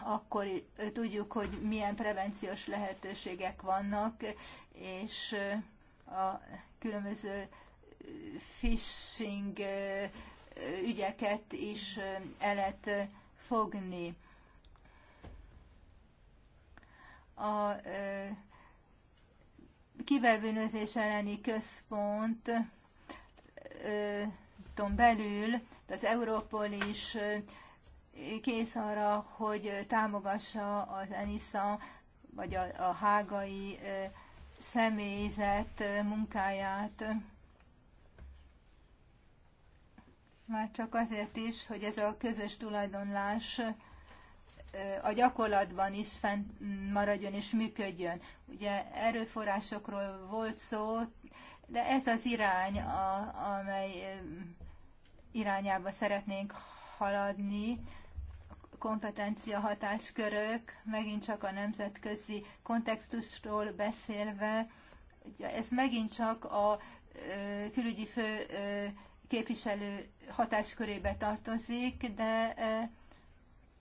akkor tudjuk, hogy milyen prevenciós lehetőségek vannak, és a különböző phishing ügyeket is el lehet fogni. a kiberbűnözés elleni központ belül az Európol is kész arra, hogy támogassa az ENISA vagy a, a hágai személyzet munkáját. Már csak azért is, hogy ez a közös tulajdonlás a gyakorlatban is fent maradjon és működjön. Ugye erőforrásokról volt szó, de ez az irány, a, amely irányába szeretnénk haladni, kompetencia hatáskörök, megint csak a nemzetközi kontextusról beszélve, ugye ez megint csak a külügyi fő képviselő hatáskörébe tartozik, de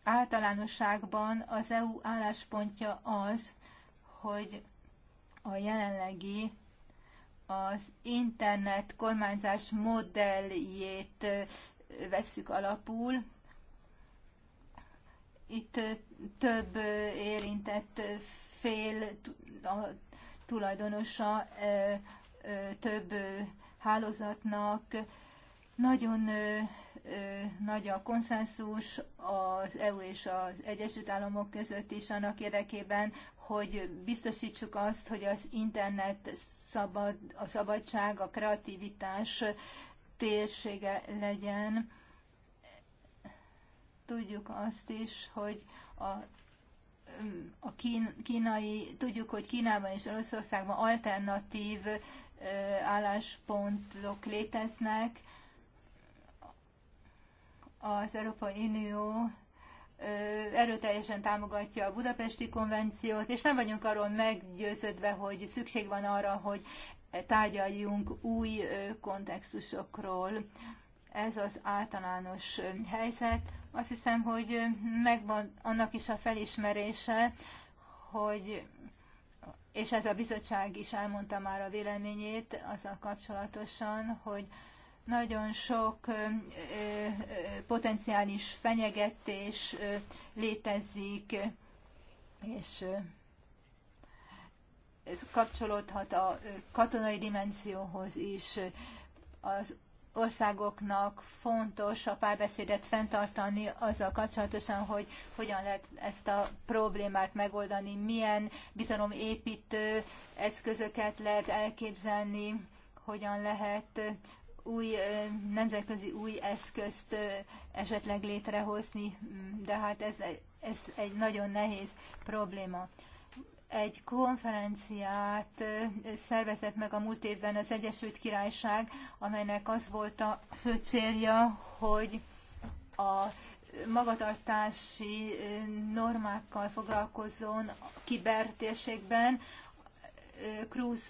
általánosságban az EU álláspontja az, hogy a jelenlegi az internet kormányzás modelljét vesszük alapul. Itt több érintett fél a tulajdonosa több hálózatnak nagyon nagy a konszenzus az EU és az Egyesült Államok között is annak érdekében, hogy biztosítsuk azt, hogy az internet szabad, a szabadság, a kreativitás térsége legyen. Tudjuk azt is, hogy a a kín, kínai, tudjuk, hogy Kínában és Oroszországban alternatív álláspontok léteznek, az Európai Unió erőteljesen támogatja a budapesti konvenciót, és nem vagyunk arról meggyőződve, hogy szükség van arra, hogy tárgyaljunk új kontextusokról. Ez az általános helyzet. Azt hiszem, hogy megvan annak is a felismerése, hogy és ez a bizottság is elmondta már a véleményét azzal kapcsolatosan, hogy nagyon sok potenciális fenyegetés létezik, és ez kapcsolódhat a katonai dimenzióhoz is. Az országoknak fontos a párbeszédet fenntartani azzal kapcsolatosan, hogy hogyan lehet ezt a problémát megoldani, milyen bizalomépítő eszközöket lehet elképzelni, hogyan lehet új nemzetközi új eszközt esetleg létrehozni, de hát ez, ez egy nagyon nehéz probléma. Egy konferenciát szervezett meg a múlt évben az Egyesült Királyság, amelynek az volt a fő célja, hogy a magatartási normákkal foglalkozzon kibertérségben, Cruz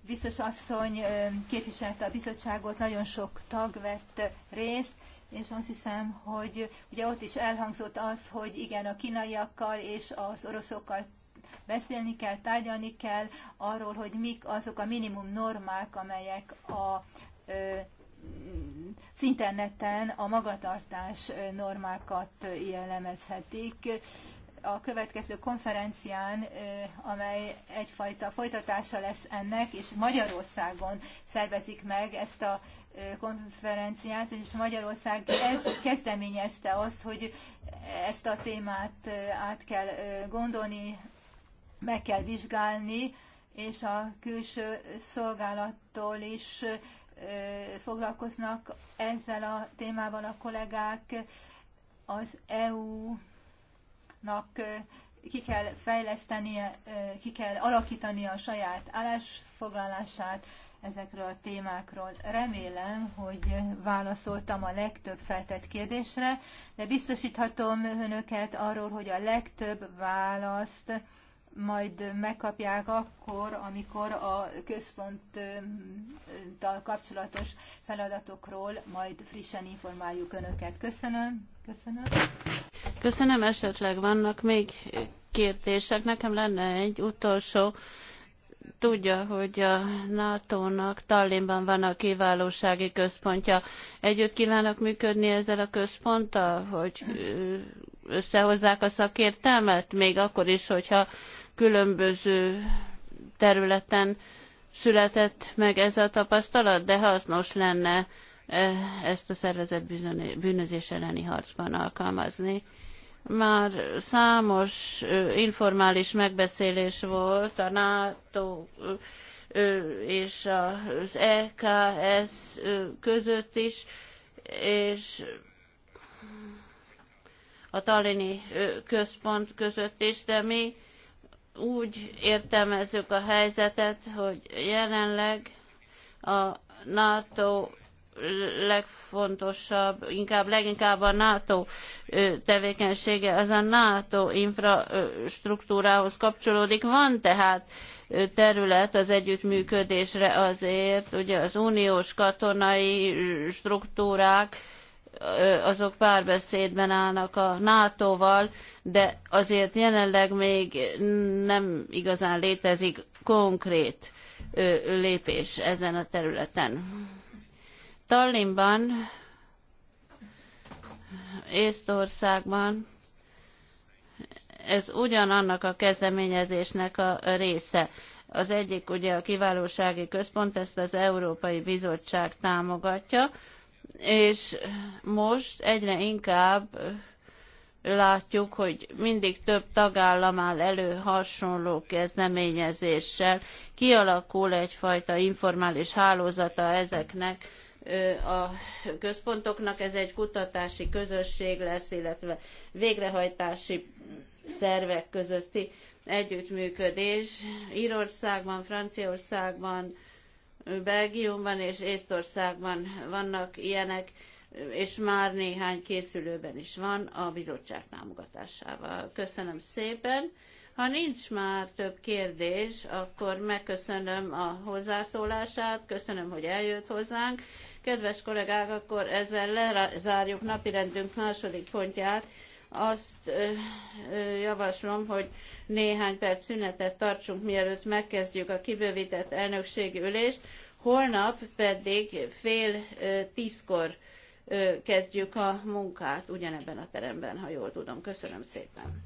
biztos asszony képviselte a bizottságot, nagyon sok tag vett részt, és azt hiszem, hogy ugye ott is elhangzott az, hogy igen, a kínaiakkal és az oroszokkal beszélni kell, tárgyalni kell arról, hogy mik azok a minimum normák, amelyek a az interneten a magatartás normákat jellemezhetik a következő konferencián, amely egyfajta folytatása lesz ennek, és Magyarországon szervezik meg ezt a konferenciát, és Magyarország ez, kezdeményezte azt, hogy ezt a témát át kell gondolni, meg kell vizsgálni, és a külső szolgálattól is foglalkoznak ezzel a témával a kollégák, az EU nak ki kell fejlesztenie, ki kell alakítani a saját állásfoglalását ezekről a témákról. Remélem, hogy válaszoltam a legtöbb feltett kérdésre, de biztosíthatom önöket arról, hogy a legtöbb választ majd megkapják akkor, amikor a központtal kapcsolatos feladatokról majd frissen informáljuk Önöket. Köszönöm. Köszönöm. Köszönöm, esetleg vannak még kérdések. Nekem lenne egy utolsó. Tudja, hogy a NATO-nak Tallinnban van a kiválósági központja. Együtt kívánok működni ezzel a központtal, hogy összehozzák a szakértelmet, még akkor is, hogyha különböző területen született meg ez a tapasztalat, de hasznos lenne eh, ezt a szervezet bűnözés elleni harcban alkalmazni. Már számos informális megbeszélés volt a NATO és az EKS között is, és a Tallini központ között is, de mi úgy értelmezzük a helyzetet, hogy jelenleg a NATO legfontosabb, inkább leginkább a NATO tevékenysége, az a NATO infrastruktúrához kapcsolódik. Van tehát terület az együttműködésre azért, ugye az uniós katonai struktúrák, azok párbeszédben állnak a NATO-val, de azért jelenleg még nem igazán létezik konkrét lépés ezen a területen. Tallinnban, Észtországban ez ugyanannak a kezdeményezésnek a része. Az egyik ugye a kiválósági központ, ezt az Európai Bizottság támogatja, és most egyre inkább látjuk, hogy mindig több tagállam áll elő hasonló kezdeményezéssel. Kialakul egyfajta informális hálózata ezeknek a központoknak. Ez egy kutatási közösség lesz, illetve végrehajtási szervek közötti együttműködés. Írországban, Franciaországban, Belgiumban és Észtországban vannak ilyenek, és már néhány készülőben is van a bizottság támogatásával. Köszönöm szépen! Ha nincs már több kérdés, akkor megköszönöm a hozzászólását, köszönöm, hogy eljött hozzánk. Kedves kollégák, akkor ezzel lezárjuk napirendünk második pontját. Azt javaslom, hogy néhány perc szünetet tartsunk, mielőtt megkezdjük a kibővített elnökségi ülést, holnap pedig fél tízkor kezdjük a munkát ugyanebben a teremben, ha jól tudom. Köszönöm szépen!